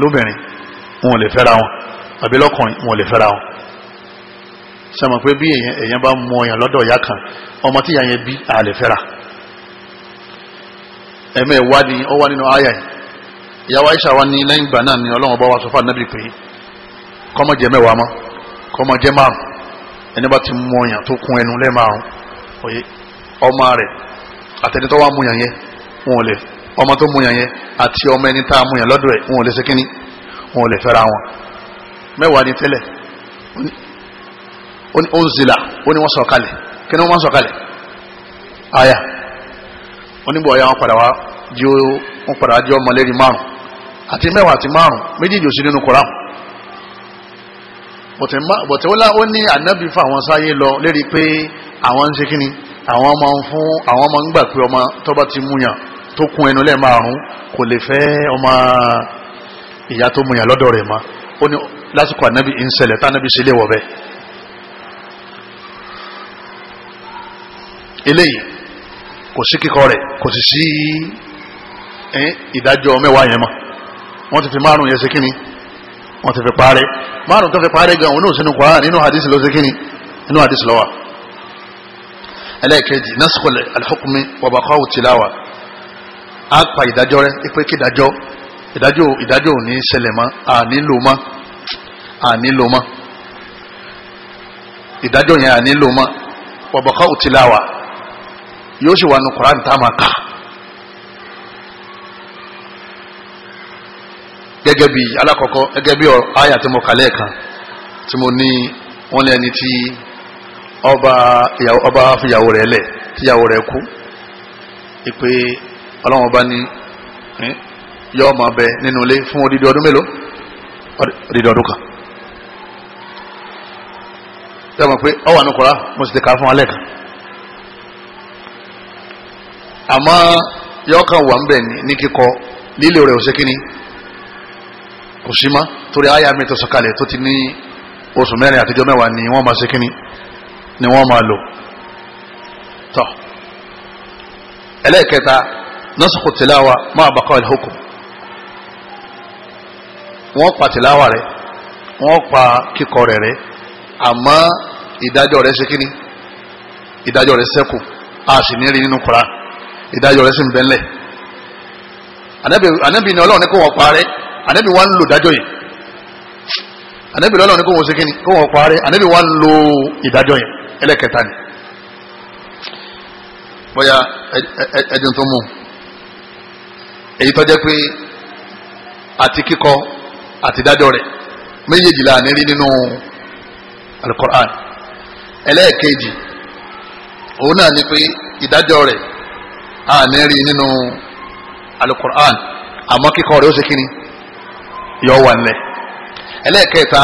lóbìnrin wọn ò lè fẹ́ra wọn àbí lọ́kùnrin wọn ò lè fẹ́ra wọn sọmọ pé bí èèyàn bá mú ọyàn lọ́dọ̀ ìyá kan ọmọ tí yẹn bí a lè fẹ́ra ẹ̀mẹ́ ìwá ni ó wá nínú àyà yìí ìyàwó Aisha wa ní lẹ́yìn ìgbà náà ni Ọlọ́run bá wa sọ fún anábì pé kọ́mọ jẹ mẹ́wàá mọ́ kọ́mọ jẹ márùn ẹni bá ti mú ọyàn tó kún ẹnu lẹ́ẹ̀márùn òye ọmọ rẹ̀ àtẹnitọ́ wa mú yàn yẹn wọn ò lè ọmọ tó mú yàn yẹn àti ọmọ ẹni tá a mú yàn lọ́dọ̀ ẹ̀ wọn lè ṣe kínní wọn ò lè fẹ́ra wọn mẹ́wàá ní tẹ́lẹ̀ ó ń zila ó ní wọ́n sọ kalẹ̀ kí ni wọ́n sọ kalẹ̀ aya oníbọ̀ ya wọn padà wá jí wọn padà wá jí ọmọ lẹ́rìí márùn àti mẹ́wàá àti márùn méjèèjì ò sí nínú Kùránì bọ̀tẹ̀ wọ́lá ó ní ànábì fún àwọn sáyé lọ lérí pé àwọn ń ṣe kí ni àwọn ọmọ ń fún àwọn ọmọ ń gbà pé ọmọ tó ti múyàn tó kún ẹnu lẹ́ẹ̀ márùn kò lè fẹ́ ọmọ ìyá tó mú yàn lọ́dọ̀ rẹ̀ mọ́ ó ní lásìkò ànábì ń ṣẹlẹ̀ tánábì ṣe léwọ̀ bẹ́ẹ̀. eléyìí kò sí kíkọ rẹ̀ kò sì sí ìdájọ́ mẹ́wàá yẹn mọ́ wọ́n ti fi márùn yẹn ṣe kíni wọ́n ti fi parẹ́ márùn tó fi parẹ́ gan òun náà sínú kwara nínú hadith ló ṣe kíni nínú hadith ló ẹlẹ́ẹ̀kejì nasikọ̀lẹ̀ alihukumi wàbàkọ́ àwùtiláwà á pa ìdájọ́ rẹ̀ ipe kí ìdájọ́ ìdájọ́ ìdájọ́ ò ní ṣẹlẹ̀ mọ́ ànílò mọ́ ànílò mọ́ ìdájọ́ yẹn ànílò mọ́ wàbọ̀kọ́ òtíláwà yóò ṣe wà ní Kùránì tá a máa kà gẹ́gẹ́ bí alákọ̀ọ́kọ́ gẹ́gẹ́ bí àyà tí mo kà lẹ́ẹ̀kan tí mo ní wọ́n lé ẹni tí ọba fìyàwó rẹ̀ lẹ̀ tíyàwó rẹ̀ kú ìpè ọlọ́wọ́n bá ní yóò máa bẹ nínú ilé fún odidi ọdún mélòó odidi ọdún kan yóò máa pé ọ wà ní kura mo sì ti kà á fún alẹ́ kan àmọ́ yóò kàn wà ń bẹ̀ ní kíkọ lílo rẹ̀ ò ṣe kíni kò sí mọ́ torí àyà mi tó sọ̀kalẹ̀ tó ti ní oṣù mẹ́rin àtijọ́ mẹ́wàá ni wọ́n máa ṣe kíni ni wọ́n máa lò tọ́ ẹlẹ́ẹ̀kẹta nọ́sùkù tìláwa máa bàkọ́ ìlú hukum wọ́n pa tìláwà rẹ̀ wọ́n pa kíkọ rẹ̀ rẹ̀ àmọ́ ìdájọ́ rẹ̀ ṣe kíni ìdájọ́ rẹ̀ ṣẹ́kù a sì ní rí nínú kura ìdájọ́ rẹ̀ sì ń bẹ́ńlẹ̀ ànábì ni ọlọ́run ní kó wọ́n parẹ́ ànábì wa ń lò dájọ́ yìí ànábì ni ọlọ́run ní ṣe kíni kó wọ́n parẹ́ ànábì wa ń lo ìdájọ́ yìí ẹlẹ́kẹta ni bóyá ẹdín tó mú èyí tó jẹ́ pé àti kíkọ àti dájọ́ rẹ̀ méjèèjì la ní rí nínú alukur'an ẹlẹ́ẹ̀kejì òun náà ni pé ìdájọ́ rẹ̀ a ní rí nínú alukur'an àmọ́ kíkọ́ rẹ̀ ó ṣe kíni yọ wà nílẹ̀ ẹlẹ́ẹ̀kẹta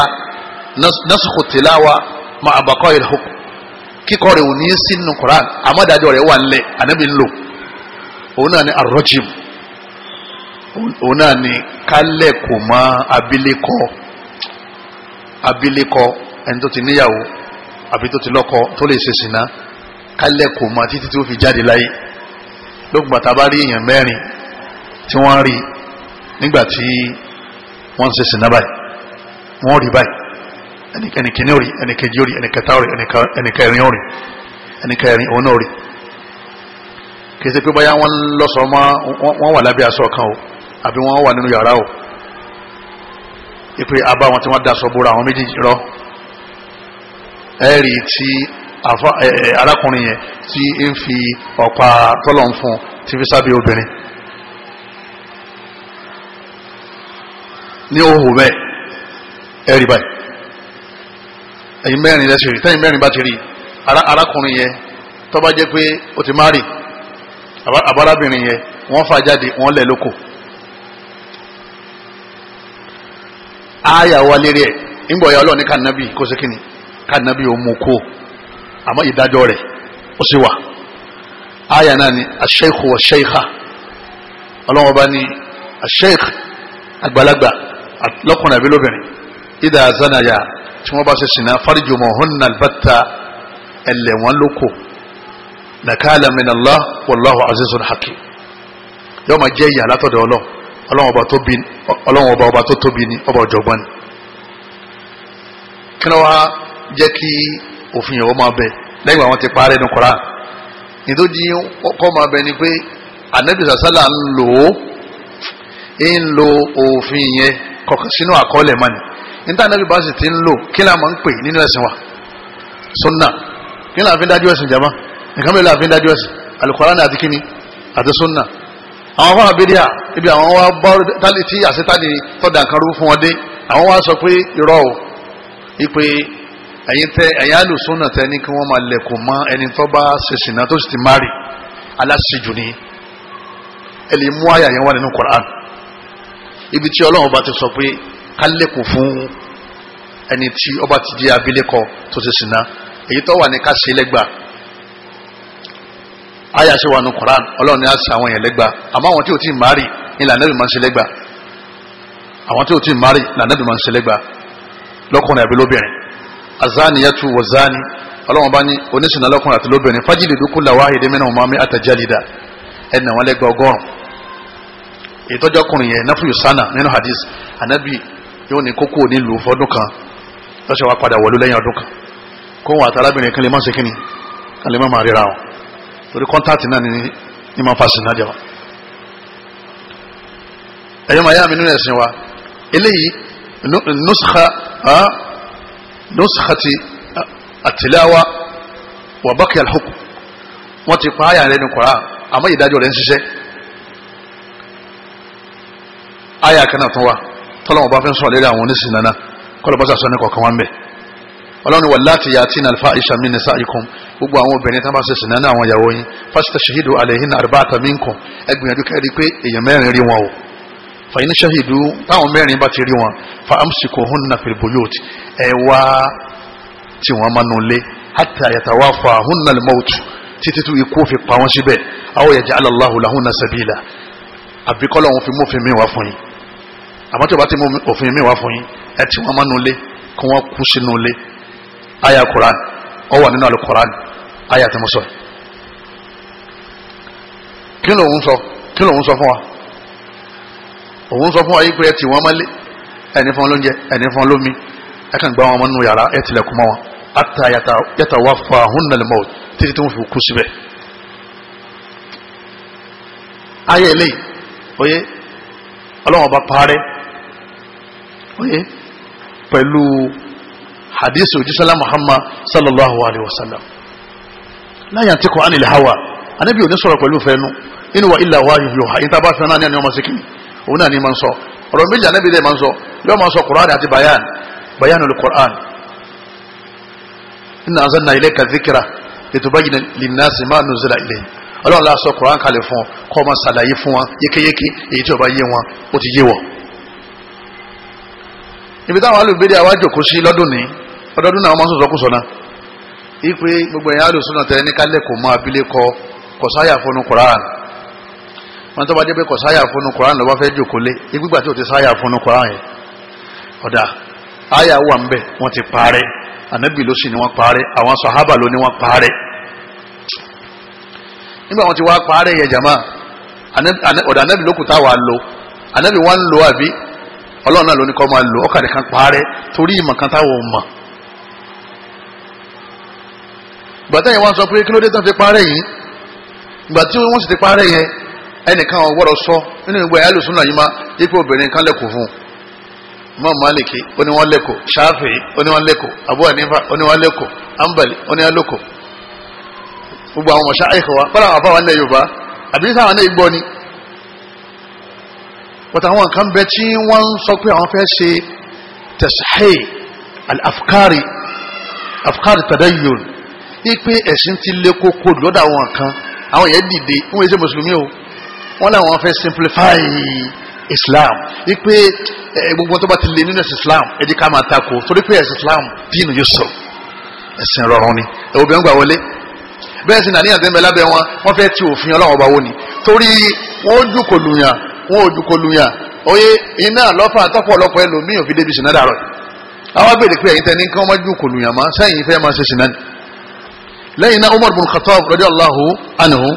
nasukhu tilawa ma abakọ́ ìlú kíkọ́ rẹ̀ ò ní sínú kur'an àmọ́ ìdájọ́ rẹ̀ wà nílẹ̀ ànábì ń lò òun náà ni arrojim òun náà ni kálẹ̀ kò mọ abilékọ abilékọ ẹni tó ti níyàwó àbí tó ti lọ́kọ tó lè ṣe sìnà kálẹ̀ kò mọ títí tí ó fi jáde láyé lókùnbà tá a bá rí èèyàn mẹ́rin tí wọ́n rí nígbà tí wọ́n ń ṣe sìnà báyìí wọ́n rí báyìí ẹnìkẹ́ni orí ẹnìkejì orí ẹnìkẹta orí ẹnìkẹrin orí ẹnìkẹrin òun náà orí kì í ṣe pé báyà wọ́n lọ́sọ̀ọ́ mọ́ wọ́n wà lábẹ́ aṣọ kan o àbí wọ́n wà nínú yàrá o ipe abá wọn tí wọ́n daṣọ bora àwọn méjèèjì rọ ẹ̀rí tí arákùnrin yẹn tí ń fi ọ̀pá tọ́lọ̀ ń fún ti fi sábẹ́ obìnrin ní òhò bẹ́ẹ̀ ẹ̀rí báyìí ẹ̀yin mẹ́rin lẹ́sìn rí tẹ́yìn mẹ́rin bá ti rí arákùnrin yẹn tó jẹ́ pé ó ti má rí àbárabìnrin yẹn wọ́n fà jáde wọ́n lẹ̀ lóko. àyà wa lérí ẹ̀ e. nígbà ọ̀yà ọlọ́ọ̀ni kànábì kó ṣe kíni kànábì ò mú kó àmọ́ ìdájọ́ rẹ̀ ó sì wà àyà náà ni aṣẹ́kù ọ̀ṣẹ́ìkà ọlọ́wọ́n bá ní aṣẹ́kù àgbàlagbà lọ́kùnrin àbí lóbìnrin ìdá zanaya tí wọ́n bá ṣe sìnà fárijùmọ̀ hùnà bàtà ẹ̀lẹ̀ wọn lóko nàkàlà min Allah wallahu azizun hakim yóò máa jẹ́ ìyà látọ̀dọ̀ ọlọ́run ọlọ́wọ́n ọba ọba tó tóbi ni ọba ọ̀jọ̀gbọ́n ni kí ni wàá jẹ́ kí òfin yẹn wọ́n máa bẹ lẹ́yìn àwọn ti parẹ́ ní koran nítorí kọ́ máa bẹ ni pé anabi sàṣálà ń lò ó ń lo òfin yẹn kọ̀ọ̀kan sínú àkọọ́lẹ̀ mọ́ni níta anabi bá sì ti ń lò kí ni a máa ń pè nínú ẹ̀sìn wa sunna kí ni a fi ń dájú ẹ̀sìn jama nǹkan mẹ́rin la fi ń dájú ẹ̀sìn alukoran àti kíni àti sunna àwọn fún abiria ibi àwọn wa bá tálítì àṣetálì tọ́da nǹkan rú fún wọn dé àwọn wa sọ pé irọ́ o ipe ẹ̀yin tẹ ẹ̀yin alùsùnà tẹ ní kí wọ́n máa lẹ̀kùn mọ́ ẹni tó bá ṣèṣìnà tó sì ti márì aláṣejù ni ẹ lè mú àyà yẹn wá nínú Qur'an ibi tí Ọlọ́run bá ti sọ pé ká lẹ̀kùn fún ẹni tí ọba ti jẹ́ abilékọ tó ṣèṣìnà èyí tó wà ní ká ṣe lẹ́gbàá Aya ṣe wà nù Quran ọlọ́run ni a ṣe àwọn yẹn lẹ́gbàá àmọ́ àwọn tí ò tí ì márì ni lànàbì máa ń ṣe lẹ́gbàá àwọn tí ò tí ì márì lànàbì máa ń ṣe lẹ́gbàá lọ́kùnrin àbí lóbìnrin azaniyatu wa zani ọlọ́run bá ní oníṣìnà lọ́kùnrin àti lóbìnrin fajlidu kulla wahidin minhuma mi'ata jalida ẹnì àwọn lẹ́gbàá ọgọ́rùn ìtọ́jú ọkùnrin yẹn nafu yusana nínú hadith anabi yóò ní kókó nílùú fọdún kan lọ́sẹ̀ wa padà wọlé lẹ́yìn ọdún kan kóhun àtàlábìnrin kan lè má ṣe kínní kan lè má máa ríra wọn torí kọ́ńtàtì náà ni ní ma fa sinna jẹ wa ẹ̀yọ́ màá yá mi nínú ẹ̀sìn wa eléyìí nusxa nusxati àtìláwa wà bákẹ́ àlùkù wọ́n ti pa àyà rẹ̀ ní kọ́ra àmọ́ ìdájọ́ rẹ̀ ń ṣiṣẹ́ àyà kan náà tún wa tọ́lọ́mọba fẹ́ sọ̀rọ̀ lórí àwọn oníṣìí nana kọ́lọ́bọ́sà sọ ní kọ̀ọ̀kan wá ń bẹ̀ ọlọ́run wà láti yà tí nàlfà ìṣà mi nìsa ikùn gbogbo àwọn obìnrin tí wọ́n bá ṣe sìnà ní àwọn ìyàwó yín fásitì ṣahidu alẹ́hìn àrùbáàtà mi nkùn ẹgbìyànjú kẹ́rì pé èèyàn mẹ́rin rí wọn o fàyín ṣahidu táwọn mẹ́rin bá ti rí wọn fa amsiku hunna fil buyut ẹ wá tí wọ́n máa nù lé hatta yatawafa hunna al maut títí tó ikú fi pa wọ́n síbẹ̀ aw yaj'al Allahu lahunna sabila àbíkọ́lọ́ òun fi mú òfin mi wá fún yín àmọ́ aya Quran ó wà nínú alukoran aya tí mo sọ kí ló ń sọ kí ló ń sọ fún wa òun sọ fún wa yìí pé ẹ tì wọ́n mọ́lé ẹni fún lóúnjẹ ẹni fún lómi ẹ kàn gbá wọn mọ́ nínú yàrá ẹ tilẹ̀kùn mọ́ wọn ata yàtà wà fà hún nàlẹ́ mọ́ títí tí wọ́n fi kú síbẹ̀. ayé eléyìí oyè ọlọ́wọ́n bá parẹ́ oyè pẹ̀lú. hadisi òjísọ́lá muhammad sallallahu alayhi wa sallam láyé àti kò ánìlè hawa anábì ò ní sọ̀rọ̀ pẹ̀lú fẹ́nu inú wa ilà wáyé yóò ha ìta bá fẹ́ náà ní a masiki òun náà ní ma ń sọ ọ̀rọ̀ méjì anábì dẹ̀ ma ń sọ yóò ma ń sọ quran àti bayan la sọ quran kalẹ̀ fún ọ kọ́ ọ ma ṣàlàyé fún wọn yékéyéké èyí tí ó yé wọn ó ti yé wọn ibi táwọn ọdọọdún náà máa ń sọ̀sọ́ kù sọ̀nà ipe gbogbo ẹ̀yà àlùsùn náà tẹ̀lé ní kálẹ̀ kò mọ abilékọ kọ̀sáyà fọnù koran wọn tó bá jẹ́ pé kọ̀sáyà fọnù koran lọ́wọ́ fẹ́ jòkó lé igbígbà tí ò ti sáyà fọnù koran yẹn ọ̀dà àyà wà ti parẹ́ anabi ló sì ni parẹ́ àwọn ló parẹ́ nígbà wọn ti wá parẹ́ yẹn ọ̀dà lo wọn lo àbí ọlọ́run náà ló ní kọ́ gbàtà yẹn wọ́n sọ pé kí ló dé tán fi parẹ́ yìí gbà tí wọ́n sì ti parẹ́ yẹn ẹnìkan ò gbọ́dọ̀ sọ nínú ìwé alùsùn náà yìí má ipò obìnrin kan lẹ́kọ̀ọ́ fún mọ́ọ̀ máàlìkì ó ní wọ́n lẹ́kọ̀ọ́ ṣáfì ó ní wọ́n lẹ́kọ̀ọ́ abu hanifa ó ní wọ́n lẹ́kọ̀ọ́ ambali ó ní wọ́n lẹ́kọ̀ọ́ gbogbo àwọn ọmọọṣẹ́ àìkọ́ wa kọ́lá àwọn afáwọn ilẹ̀ yorùbá àbí sáwọn náà gbọ́ ni wọ́n àwọn nǹkan bẹ tí wọ́n ń sọ pé àwọn fẹ́ ṣe tẹ̀síhẹ́ al-afkari afkari wípé ẹ̀sìn ti lé kókó lọ́dọ̀ àwọn kan àwọn yẹn dìde wọ́n ṣe mùsùlùmí o wọ́n làwọn fẹ́ simplify islam wípé gbogbo tó bá ti lé nínú ẹ̀sìn islam ẹ̀dí ká máa takò torí pé ẹ̀sìn islam dínú yóò sọ ẹ̀sìn rọrùn ni ẹ̀wọ̀n bí wọ́n gbà wọlé bẹ́ẹ̀ sì nàníyàn tẹ́ ń bẹ lábẹ́ wọn wọ́n fẹ́ ti òfin ọlọ́wọ́ bá wò ni torí wọ́n ojú kò lùyàn wọ́n ojú kò lùyàn oye iná lọ́fà tọ́pọ̀lọpọ̀ ẹlòmíì òfin débi sìnádàrọ̀ àwọn abèrè pé ẹ̀yin tẹ́ ní kí wọ́n má jù kò lùyàn mọ́ sẹ́yìn ìfẹ́ máa ṣe sìnádàrọ̀ lẹ́yìn náà umar bin khattab radiyallahu anhu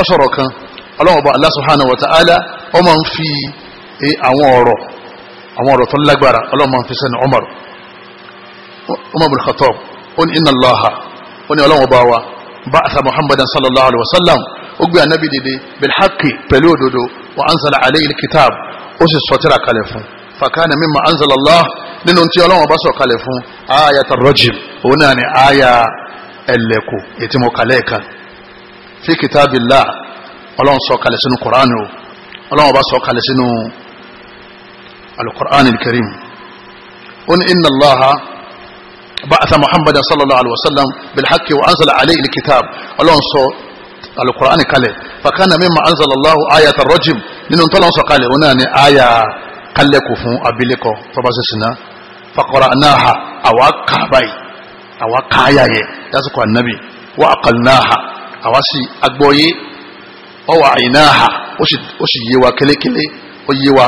ó sọ̀rọ̀ kan ọlọ́wọ́n bá allah subhanahu wa ta'ala ó máa ń fi e, àwọn ọ̀rọ̀ àwọn ọ̀rọ̀ tó lágbára ọlọ́wọ́n máa ń fi sẹ́nu umar umar bin khattab ó ní inna allaha ó ní ọlọ́wọ́n bá wa ba'atha sallallahu alaihi wa sallam ó gbé anabi dìde bil haqqi pẹ̀lú òdodo wa anzala alayhi kitab ó sì sọ kalẹ̀ fún fakana mimma anzala allah nínú tí ọlọ́wọ́n sọ kalẹ̀ fún ayatul rajim òun náà ni aya ẹlẹ́kù ètí mo kàlẹ́ kan fi kitabillah ọlọ́run sọ kalẹ̀ sínú kùránì o ọlọ́run ọba sọ kalẹ̀ sínú alukur'an alkarim ó ní inna allaha ba'atha muhammadan sallallahu alaihi wasallam bilhaki wa anzala alayhi alkitab ọlọ́run sọ alukur'an kalẹ̀ fakana mimma anzala allahu ayat arrajim nínú tọ́lọ́run sọ kalẹ̀ ó náà ní aya kalẹ̀ kò fún abilékọ tọ́ba sísìnà faqara'naha àwa kàbáyìí àwa káyà yẹ lásìkò ànábì wà àkàlnáhà àwa sì agbọ́yé ọwà àyínáhà ó sì yé wa kélékélé ó yé wa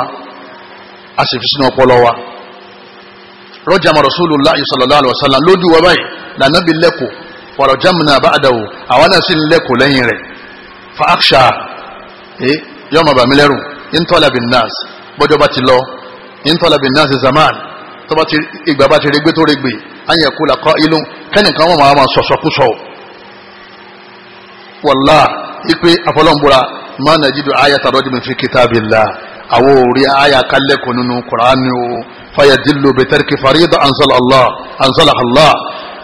a sì fi sínú ọpọlọ wa rọjàmà rasulullahi sallallahu alaihi wasallam lójú wa báyìí lànàbì lẹkọ wàrọjàmùnà ba'dahu àwa náà sì ń lẹkọ lẹ́yìn rẹ̀ fa aksha ẹ eh, yọmọ bàmí lẹrù intola bin nas bọjọba ti lọ intola bin nas zaman tọba ti ìgbà bá ti regbé tó regbé an yẹ kula kọ ilun kẹ́nìkan wọn máa ma sọ̀sọ̀kúsọ̀ wàllá ipe afọlọ́nbura má na jídu ayata rọ́jìmí fi kitabillah àwọn orí aya kálẹ̀kùn nínú kùránì o fàyà dìlù bẹ̀tẹ̀rìkì farida ansala allah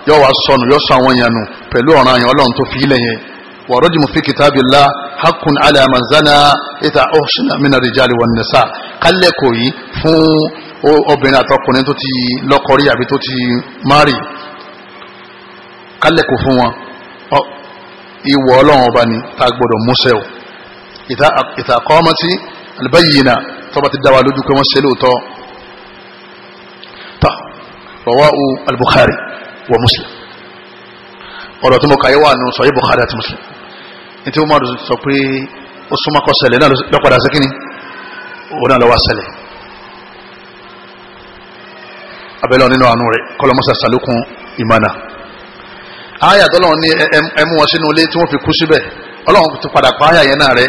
yóò wá sọnù yóò sọ àwọn èèyàn nù pẹ̀lú ọ̀ràn àyàn ọlọ́run tó fi ilẹ̀ yẹn wà rọ́jìmí fi kitabillah hakun alamanzana ita ọ̀ṣinà mina rijali wan nisa kálẹ̀kùn yìí fún obìnrin àtọkùnrin tó ti lọ́kọ rí àbí tó ti márì kálẹ̀kù fún wọn ìwọ ọlọ́run ọba ni tá a gbọ́dọ̀ múṣẹ́ o ìtàkọ́ ọmọ tí albayyina tọba ti dáwà lójú pé wọ́n ṣe lóòótọ́ ta rawahu al-Bukhari wa Muslim ọ̀rọ̀ tí mo kàyé wà nù sọ̀yí Bukhari àti Muslim ní tí ó máa sọ pé ó súnmọ́ kọ́ ṣẹlẹ̀ náà lọ́padà sí kíni òun náà lọ́wọ́ ṣẹlẹ̀ abẹ́lẹ́ nínú àánú rẹ̀ kọlọmọsà sàlékún ìmánà àyà tọ́lọ́run ní ẹmú wọn sínú ilé tí wọ́n fi kú síbẹ̀ ọlọ́run ti padà pa àyà yẹn náà rẹ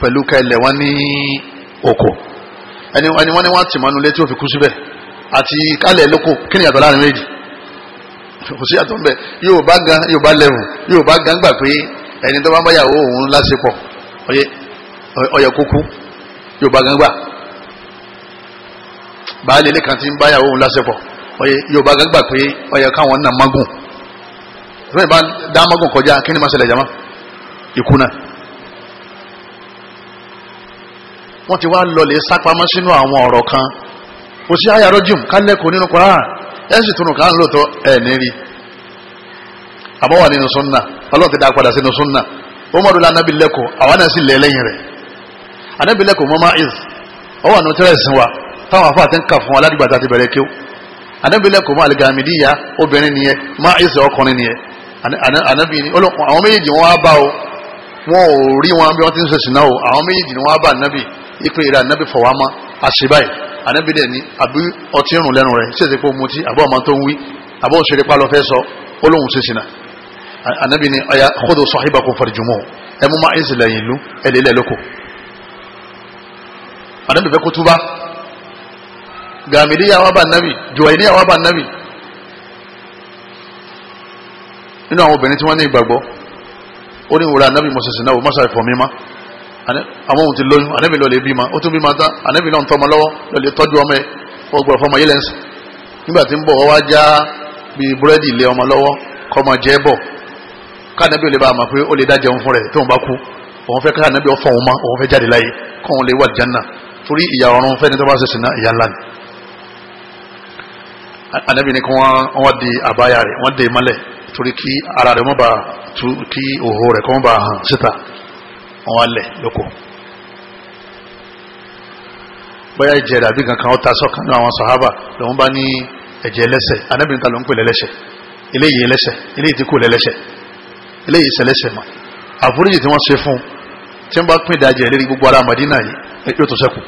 pẹ̀lú kẹlẹ̀ wọn ní òkò ẹni wọn ni wọn ti mọ́nu ilé tí wọ́n fi kú síbẹ̀ àti kálẹ̀ lóko kí ni yàtọ̀ láàrin méjì kò sí yàtọ̀ nbẹ yóò bá gan yóò bá lẹ́wù yóò bá gan gbà pé ẹni tó bá bá yàwó òun láṣepọ̀ ọyẹ kúkú yóò bá gan gbà baálé ilé kan ya ń báyàwó òun lásìkò oye yorùbá gbàgbà pé ọyẹ káwọn náà mágùn ìfẹ́ ìbá dá mágùn kọjá kí ni máa ṣẹlẹ̀ jama ikú náà wọ́n ti wá sápamọ́ sínú kan kò sí jim nínú lóòótọ́ ẹ̀ àmọ́ wà nínú sunna ọlọ́run ti dá padà sínú sunna ó mọ̀ anábìlẹ́kọ̀ọ́ àwọn lẹ́lẹ́yìn rẹ̀ anábìlẹ́kọ̀ọ́ mọ́má is ọwọ́ àná tẹ́lẹ̀ wa táwọn afọ àti ń kà fún wa ládùúgbò àti bẹ̀rẹ̀ kéw anábìlẹ̀ kò mọ àlìgàmìdíyà obìnrin nìyẹn má ìsẹ̀ ọkùnrin nìyẹn anábì ni àwọn méjèèjì wọn á bá o wọn ò rí wọn bí wọn ti ń sèṣìn náà o àwọn méjèèjì ni wọn á bá anábì ipe ìrẹ anábì fọwọ́mọ àṣìbáyì anábì dẹ̀ ni àbí ọtí rùn lẹ́nu rẹ̀ ṣèṣe pé mutí àbọ̀ ọmọ tó ń wí àbọ̀ òṣèré pa lọ fẹ́ sọ ó lóun ṣèṣìn náà anábì ni ọ̀yà kódò sahibakum farjumuhu ẹ mú má ìsìlẹ̀ yìí lú ẹ̀ lélẹ̀ lóko anábì fẹ́ kó túbá gàmídíyà wà bá nàbì jùwàìdíyà wà bá nàbì nínú àwọn obìnrin tí wọ́n ní ìgbàgbọ́ ó ní ìwòrán anábì mọ̀sẹ̀sẹ̀ náà mọ́sá ìfọ̀ mímá àwọn ohun ti lóyún anábì lọ lè bímá ó tún bímá tán anábì náà ń tọ́mọ lọ́wọ́ lọ lè tọ́jú ọmọ ẹ̀ ọgbọ̀n fọmọ yìí lẹ́sìn nígbà tí ń bọ̀ wá já bí búrẹ́dì lé ọmọ lọ́wọ́ kọmọ jẹ́ bọ̀ kánábì ò lè bá a mọ̀ pé ó lè dá jẹun fún rẹ̀ tó ń bá kú òun fẹ́ kánábì ọ̀fọ̀ òun má òun fẹ́ jáde láyé kóun lè wà jẹ́nà torí ìyà ọ̀run fẹ́ni tó bá ṣe sìnà ìyà ńlá ni anabi ni kí wọ́n wọ́n di àbáyà rẹ̀ wọ́n de mọ́lẹ̀ torí kí ara rẹ̀ mọ́ bá tu kí òhò rẹ̀ kọ́ mọ́ bá hàn síta wọ́n lẹ̀ lóko. bóyá ìjẹ́ rẹ̀ àbí kankan ó ta sọ́kàn ní àwọn sàhábà lòun bá ní ẹ̀jẹ̀ lẹ́sẹ̀ anabi níta ló ń pè lẹ́lẹ́sẹ̀ eléyìí lẹ́sẹ̀ eléyìí ti kú lẹ́lẹ́sẹ̀ eléyìí sẹlẹ́sẹ̀ mọ́ àforíjì tí wọ́n ṣe fún tí wọ́n bá pín ìdajì ẹ̀lérí gbogbo ara Madina yìí yóò tó sẹ́kù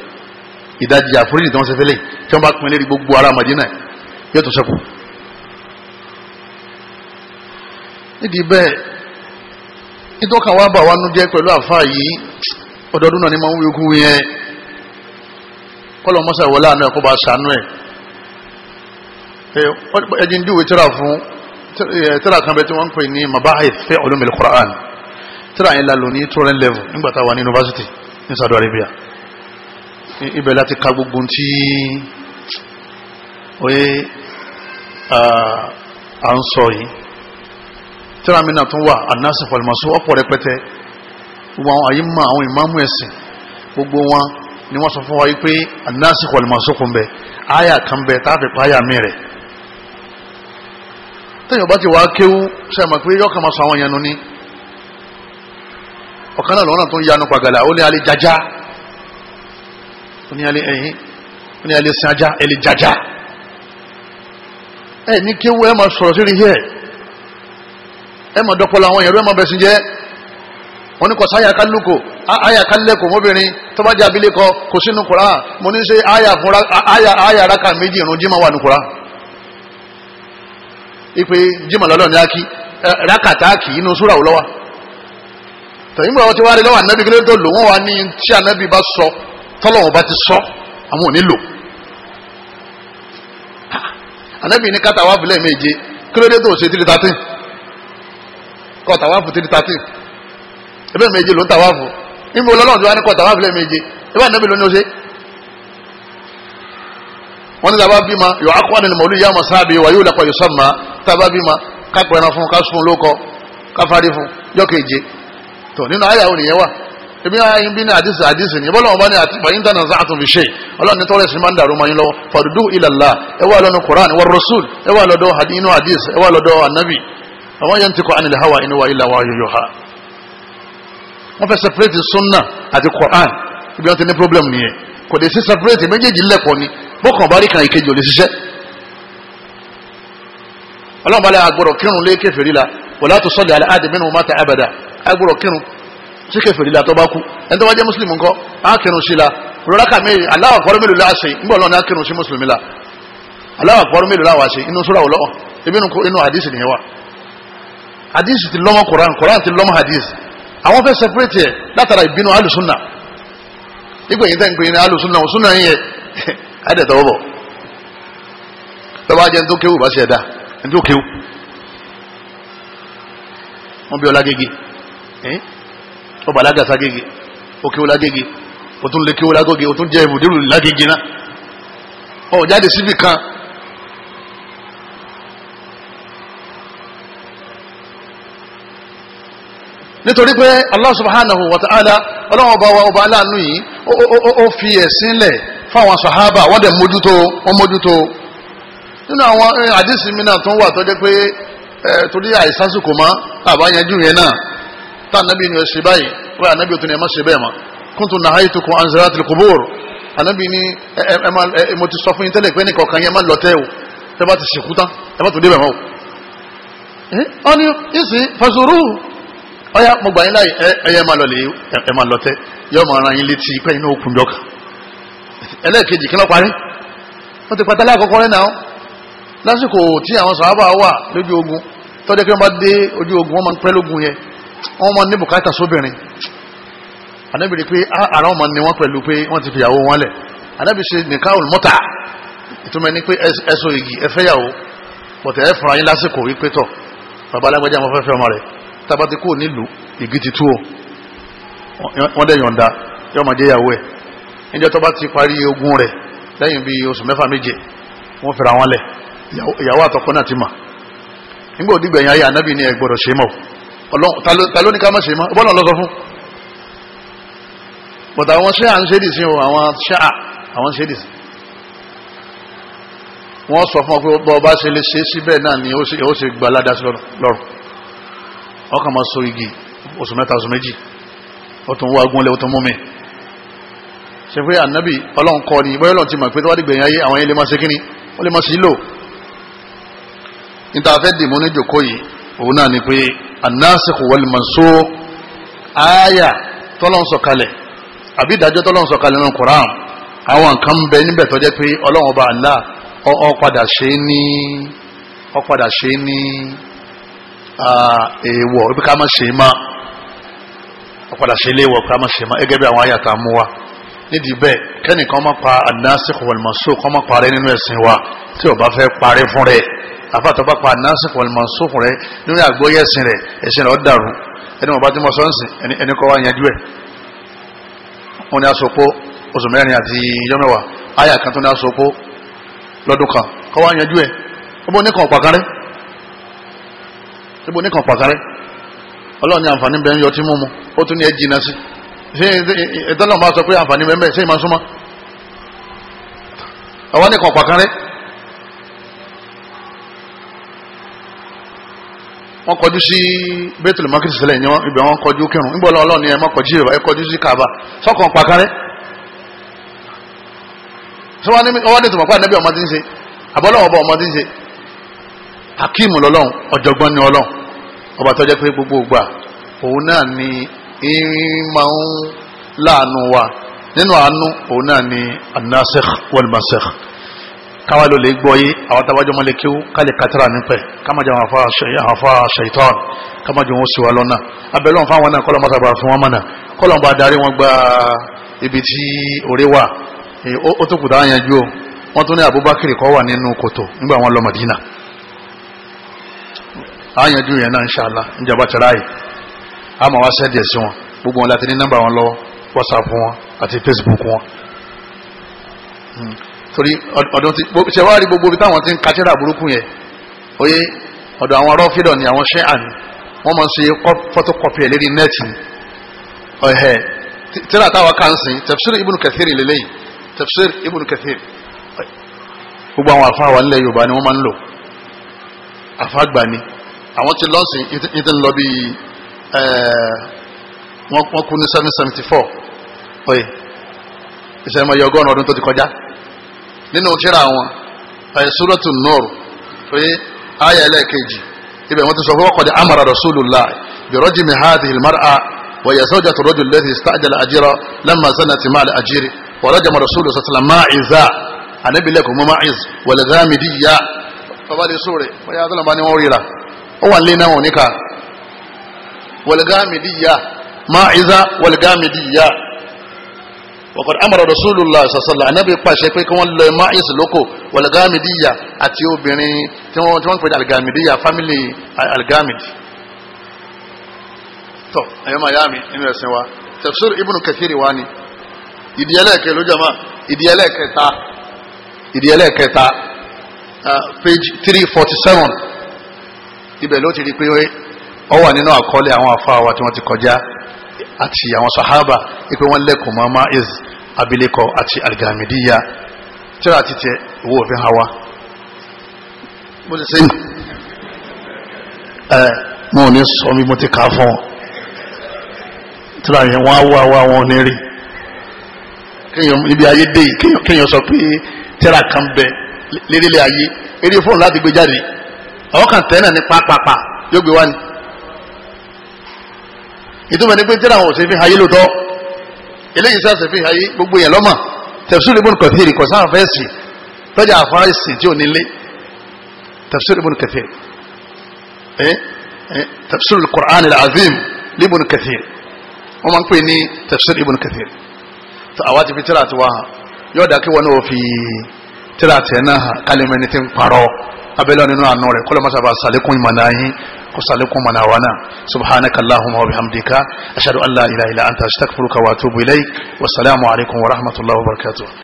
ìdajì àforíjì tí wọ́n ṣe fẹ́lẹ̀ tí wọ́n bá pín ìlérí gbogbo ara Madina yìí yóò tó sẹ́kù nídìí bẹ́ẹ̀ nítọ́kàn wá bà wá nú jẹ́ pẹ̀lú àfáà yìí ọdọọdún náà ni máa ń wí okú yẹn kọ́lọ̀ mọ́sà wọlé àná ẹ̀kọ́ bá sànú ẹ̀ ẹjì ń dúwe fún tíra kan bẹ tí wọ́n ń pè ní mabahith fi ulum al-Qur'an tíra yẹn la ní turan level nígbà tá a wà ní yunifásitì ní Saudi Arabia ibẹ̀ láti ka gbogbo tí oye à ń sọ yìí tíramínà tún wà anásì fọlùmọ́sọ ọ̀pọ̀ rẹpẹtẹ gbogbo àwọn àyè mọ àwọn ìmáàmù ẹ̀sìn gbogbo wọn ni wọ́n sọ fún wa yìí pé anásì fọlùmọ́sọ kún bẹ àyà kan bẹ táàbì páyà mi rẹ̀ tẹ́yìn ọba ti wá kéwú sẹ́mọ̀ pé yọ́ kàn máa sọ àwọn yẹn ní ọ̀kan náà lọ́nà tó ń yanu pàgàlà ó ní alẹ́ jaja ó ní alẹ́ ẹ̀yìn ó ní alẹ́ sin ajá ẹ̀lẹ́ jaja ẹ ní kí wọ́n ẹ máa sọ̀rọ̀ sí rí yẹ ẹ máa dọ́pọ̀lọ́ àwọn èèyàn ẹ máa bẹ̀sìn jẹ́ wọn ní kò sí àyàká lùkò àyàká lẹ́kọ̀ọ́ mọ́bìnrin tó bá jẹ́ abilékọ kò sínú kura mo ní ṣe àyà fúnra àyà àyà araka méjì irun jimá wà ní ipe jimá lọ́lọ́ ní aki rakata aki inú súra wò lọ́wọ́ tẹ̀yìn bọ̀ ti wá rí lọ́wọ́ ànábì kílódé lò wọ́n wá ní tí ànábì bá sọ tọ́lọ́wọ́n bá ti sọ àwọn ò ní lò anabi ní ká tàwáfù lẹ́ẹ̀méje kílódé tó ṣe three thirteen kọ́ tàwáfù three thirteen ebe méje ló ń tàwáfù níbo lọ́lọ́run tí wọ́n á ní kọ́ tàwáfù lẹ́ẹ̀méje ebe anabi ló ní o ṣe. wọ́n ní tàbá bímọ yọ akọ́ ni mọ̀lú yá mọ̀ sáàbì wà yóò lápá yóò sọ́mà tàbá bímọ kápẹ́ ẹran fún kásùn lóko káfárí fún yọ́kèje tó nínú àyà òníyẹn wà ebi ayi bi ni hadisi hadisi ni bọ́lá wọn bá ní àti bayin tán náà àtúnfi ṣe ọlọ́run ní tọ́lẹ̀ sinimá ń dàrú mayin lọ́wọ́ fadudu ilallah ẹ wà lọ́nu quran wà rasul ẹ wà lọ́dọ̀ inú hadisi ẹ wà lọ́dọ̀ anabi àwọn yẹn ti kọ́ anil hawa inú wa ilà wa yọyọ ha wọ́n fẹ́ separate sunna àti quran ibi wọn ti ní problem nìyẹn kò dé sí separate méjèèjì lẹ́pọ̀ ni bọ́kàn bá rí kan ìkejì ò lè ṣiṣẹ́ ọlọ́run bá lẹ́ abada agbọ̀rọ̀ kírun sí kẹfìrí la tó bá kú ẹni tó bá jẹ́ mùsùlùmí ńkọ́ á kírun sí la rọra kà mí Allahu akbar mélòó la ṣe ń bọ̀ lọ́nà á kírun sí mùsùlùmí la Allahu akbar mélòó la wà ṣe inú sura ọlọ́wọ́ ebi inú hadith nìyẹn wa hadith ti lọ́mọ koran koran ti lọ́mọ hadith àwọn fẹ́ separate yẹ látara ìbínú alùsùnà ipò yìí tẹ́ǹpé ní alùsùnà òsùnà yìí yẹ àdẹ̀tọ̀ wọ́bọ̀ tọ́ba jẹ́ ntókéwù bá ṣẹ̀dá ntókéwù wọ́n bí ọlá gègé ó bàlágà ságége ó kéwò gege ó tún lè kéwò lágóge ó tún jẹ́ ìbùdírù lágége náà ó jáde síbì kan nítorí pé Allah subhanahu wa ta'ala ọlọ́wọ́n bá wa ọba aláàánú yìí ó fi ẹ̀sìn lẹ̀ fáwọn sahaba wọ́n dẹ̀ mójútó wọ́n mójútó nínú àwọn eh, àdìsí mi tó ń wà tó jẹ́ pé eh, torí mọ́ àbáyanjú tá ànábì ni ẹ ṣe báyìí wọ́n ànábì òtún ni ẹ má ṣe bẹ́ẹ̀ mọ́ kúntù nahaytukum an ziyaratil qubur ànábì ni ẹ mo ti sọ fún yín tẹ́lẹ̀ pé nìkan kan yẹn má lọ tẹ́ o tẹ́ bá ti ṣèkú tán ẹ má tún débẹ̀ mọ́ o. ọ ni ìsì fasuru ọyá mo gbà yín láyè ẹyẹ má lọ lè ẹ má lọ tẹ yọ máa ran yín létí pé inú òkun jọ kan ẹlẹ́ẹ̀kejì kí ló parí wọ́n ti pàtàlẹ́ àkọ́kọ́ rẹ̀ wọ́n máa ní bùkátà sóbìnrin ànábì rí pé ara wọn máa ní wọn pẹ̀lú pé wọ́n ti fi ìyàwó wọn lẹ̀ ànábì ṣe nìkáwùl mọ́tà ìtumọ̀ ni pé ẹ̀sọ́ igi ẹ̀fẹ́yàwó pọ̀tẹ́ ẹ̀ fúnra yín lásìkò wípé tọ̀ bàbá alágbájá wọn fẹ́fẹ́ ọmọ rẹ̀ tabati kúrò nílùú igi ti tú o wọ́n dẹ̀ yọ̀ǹda yọ́ máa jẹ́ ìyàwó ẹ̀ níjọ́ tó bá ti parí ogun rẹ̀ lẹ́yìn bíi oṣù mẹ́fà méje wọ́n fẹ́ra wọn lẹ̀ ìyàwó àtọkọ náà ti mà nígbà òdìgbẹ̀yìn ayé ànábì ni ẹ gbọ́dọ̀ ṣe mọ́ ọlọ́run ta ló ní ká má ṣe mọ́ bọ́lá lọ́sọ fún but àwọn ṣe à ń ṣe dì sí o àwọn ṣe à àwọn ṣe dì sí wọ́n sọ fún ọ pé bọ́ bá ṣe lè ṣe síbẹ̀ náà ni ó ṣe gba aládá sí lọ́rùn ọkàn máa so igi oṣù mẹ́ta oṣù méjì ó tún wá gúnlẹ̀ ó tún mú mi ṣe pé ànábì ọlọ́run kọ́ ni bọ́yọ́lọ́n ti mọ̀ pé tó wá dìgbẹ̀yìn ayé àwọn ilé máa ṣe kíni ó lè máa ṣe lò níta dìmú ní jòkó yìí òun náà ni pé annasikh wal mansukh aya tọ́lọ́n sọ̀kalẹ̀ àbí ìdájọ́ tọ́lọ́n sọ̀kalẹ̀ nínú Qur'an àwọn nǹkan ń bẹ níbẹ̀ tó jẹ́ pé ọlọ́run ọba Allah ó padà ṣe é ní ó padà ṣe é ní èèwọ̀ ibi ká má ṣe é má ó ṣe léèwọ̀ ká má ṣe má gẹ́gẹ́ bí àwọn ayàtà mú wa nídìí bẹ́ẹ̀ kẹ́nìkan má pa annasikh wal kọ́ má parẹ́ nínú ẹ̀sìn wa tí ó fẹ́ parẹ́ fún rẹ̀ àfàtọ́ bá pa anásìkò almansókùn rẹ lórí àgbóyè ẹ̀sìn rẹ ẹ̀sìn rẹ ọ̀ dàrú ẹni wọn bá ti mọ sọ́ọ̀sì ẹni kọ́ wá yanjú ẹ̀ wọn ni asopó oṣù mẹ́rin àti ijọ́ mẹ́wàá àyà kan tó ní asopó lọ́dún kan kọ́ wá yanjú ẹ̀ ó bó níkan pàkárẹ́ ó bó níkan pàkárẹ́ ọlọ́run ní àǹfààní bẹ́ẹ̀ ń yọ tí mú ó tún ní ẹ jìnnà sí ṣé ìtọ́lọ́mọ bá sọ pé àǹfààní bẹ́ẹ̀ ṣé ìmọ̀ wọ́n kọjú sí Baitul Maqdis sílẹ̀ ni wọ́n ibẹ̀ wọ́n kọjú kírun níbo lọ́wọ́ ni ẹ má kọjú ẹ kọjú sí Kaaba sọ́kàn pàkárẹ́ sọ ní wọn ní tòmọ̀ pé ọmọdé ń ṣe àbọ̀lọ́wọ́ ọba ọmọdé ń ṣe Hakim lọ́lọ́run ọ̀jọ̀gbọ́n ni ọlọ́run ọba tó jẹ́ pé gbogbo ìgbà òun náà ni irin máa ń láàánú wa nínú àánú òun náà ni an-nasikh wal-mansukh káwa ló lè gbọ́ yé àwọn tabajọ́ mọ́lẹ̀ ka kálẹ̀ katara nípẹ́ kámájà wọn àfa ṣèitán wọn siwa lọ́nà abẹ́lẹ́ wọn fáwọn náà kọ́lọ́ mọ́tàbà fún wọn mọ́nà kọ́lọ́ bá darí wọn gba ibi tí òré wà ó tó kùtà àyànjú o wọ́n tún ní Abubakar kọ́ wà nínú kòtò nígbà wọn lọ Madina àyànjú yẹn náà inṣàlá njaba tẹ̀lá yìí àmọ́ wá gbogbo wọn láti ní nọ́mbà wọn lọ́wọ́ WhatsApp wọn àti Facebook hmm. torí ọdún ti ṣe wá rí gbogbo ibi táwọn ti ń kátírà burúkú yẹn oyé ọ̀dọ̀ àwọn rọ́fídọ̀ ni àwọn ṣẹ́hàn wọ́n máa ń ṣe photocopy lérí nẹ́ẹ̀tì ọ̀hẹ́ tíra táwa kan sìn tafsir ibn kathir lélẹ́yìn tafsir ibn kathir gbogbo àwọn àfa wa nílẹ̀ yorùbá ni wọ́n máa ń lò àfa gbà ni àwọn ti lọ́sìn ní ti ń lọ bí wọ́n kú ní seven seventy four oyè ìṣẹ̀mọ̀ yọ ọgọ́rùn-ún ọdún tó ti kọjá nínú tíra wọn àìsúrọ̀tù nọ́ọ̀rù pé ayé ẹlẹ́ẹ̀kejì ibẹ̀ wọ́n ti sọ fọwọ́ kọ́dé amara rasulullah bìrọ́jì mi hàdì hilmar'a wọ̀yẹ̀ sọ́jà tó rọ́jò lẹ́sìn stájàlá àjírọ̀ lẹ́mà sánà tì máa lè àjírí wọ́rọ́jà mọ̀ rasulullah sọ́tìlá máa ìzá ànábìlẹ̀ kò mọ́ máa ìz wọ̀lẹ̀ zámi dì yá bàbá lè sóore wọ́n yá sọ́nà bá ní wọ́n ríra ó wà lé náà wọn níka wọ̀lẹ̀ zámi dì yá máa ìzá wọ̀lẹ̀ zámi dì yá wọ́kọ̀ amara rasulullah sasala anabi pàṣẹ pé kí wọ́n lọ ẹ̀ máìs lóko wàlgàmìdíyà àti obìnrin tí wọ́n tí wọ́n pè ní algàmìdíyà family algàmìdì. tọ́ ẹ̀yọ́ máa yá mi nínú ẹ̀sìn wa tafsir ibn kathiri wa ni ìdíyẹlẹ̀ kẹ ló jama ìdíyẹlẹ̀ kẹta ìdíyẹlẹ̀ kẹta page three forty seven ibẹ̀ ló ti rí pé ó wà nínú àkọọ́lẹ̀ àwọn àfa wa tí wọ́n ti kọjá àti àwọn sahaba ipe wọn lẹ́kùn mọ́ maiz abilékọ àti algamidiya tíra àti tiẹ̀ owó òfin hawa mo ti sẹ́yìn ẹ mo ní sọ mi mo ti kà á fún wọn tíra yẹn wọn á wá wá wọn ní rí kéèyàn níbi ayé dé yìí kéèyàn sọ pé tíra kan bẹ lérílẹ̀ ayé eré fóònù láti gbé jáde àwọn kan tẹ́ náà ní pápápá yóò gbé wá ni ìtumọ̀ ní pé tíra àwọn òsèfín ayé ló tọ́ eléyìí sá òsèfín ayé gbogbo yẹn lọ́mọ̀ tafsir ibn kathir kò sáà fẹ́ẹ̀sì tọ́jà àfáàsì tí ò nílé tafsir ibn kathir tafsir al-Qur'an al-azim libn kathir wọ́n máa ń pè ní tafsir ibn kathir tó àwa ti fi tíra àti wá yọ̀ọ́dà kí wọn náà fi tíra àti náà kálí ti ń parọ́. abẹ́lẹ́ nínú àánú rẹ̀ kọ́lọ́ mọ́sàbà sàlékún ìmọ̀nà yín kó sàlékún mọ̀nà wa subhanaka allahumma wa bihamdika ashhadu an la ilaha illa anta astaghfiruka wa atubu ilayk wa salaamu alaykum wa rahmatullahi wa barakatuh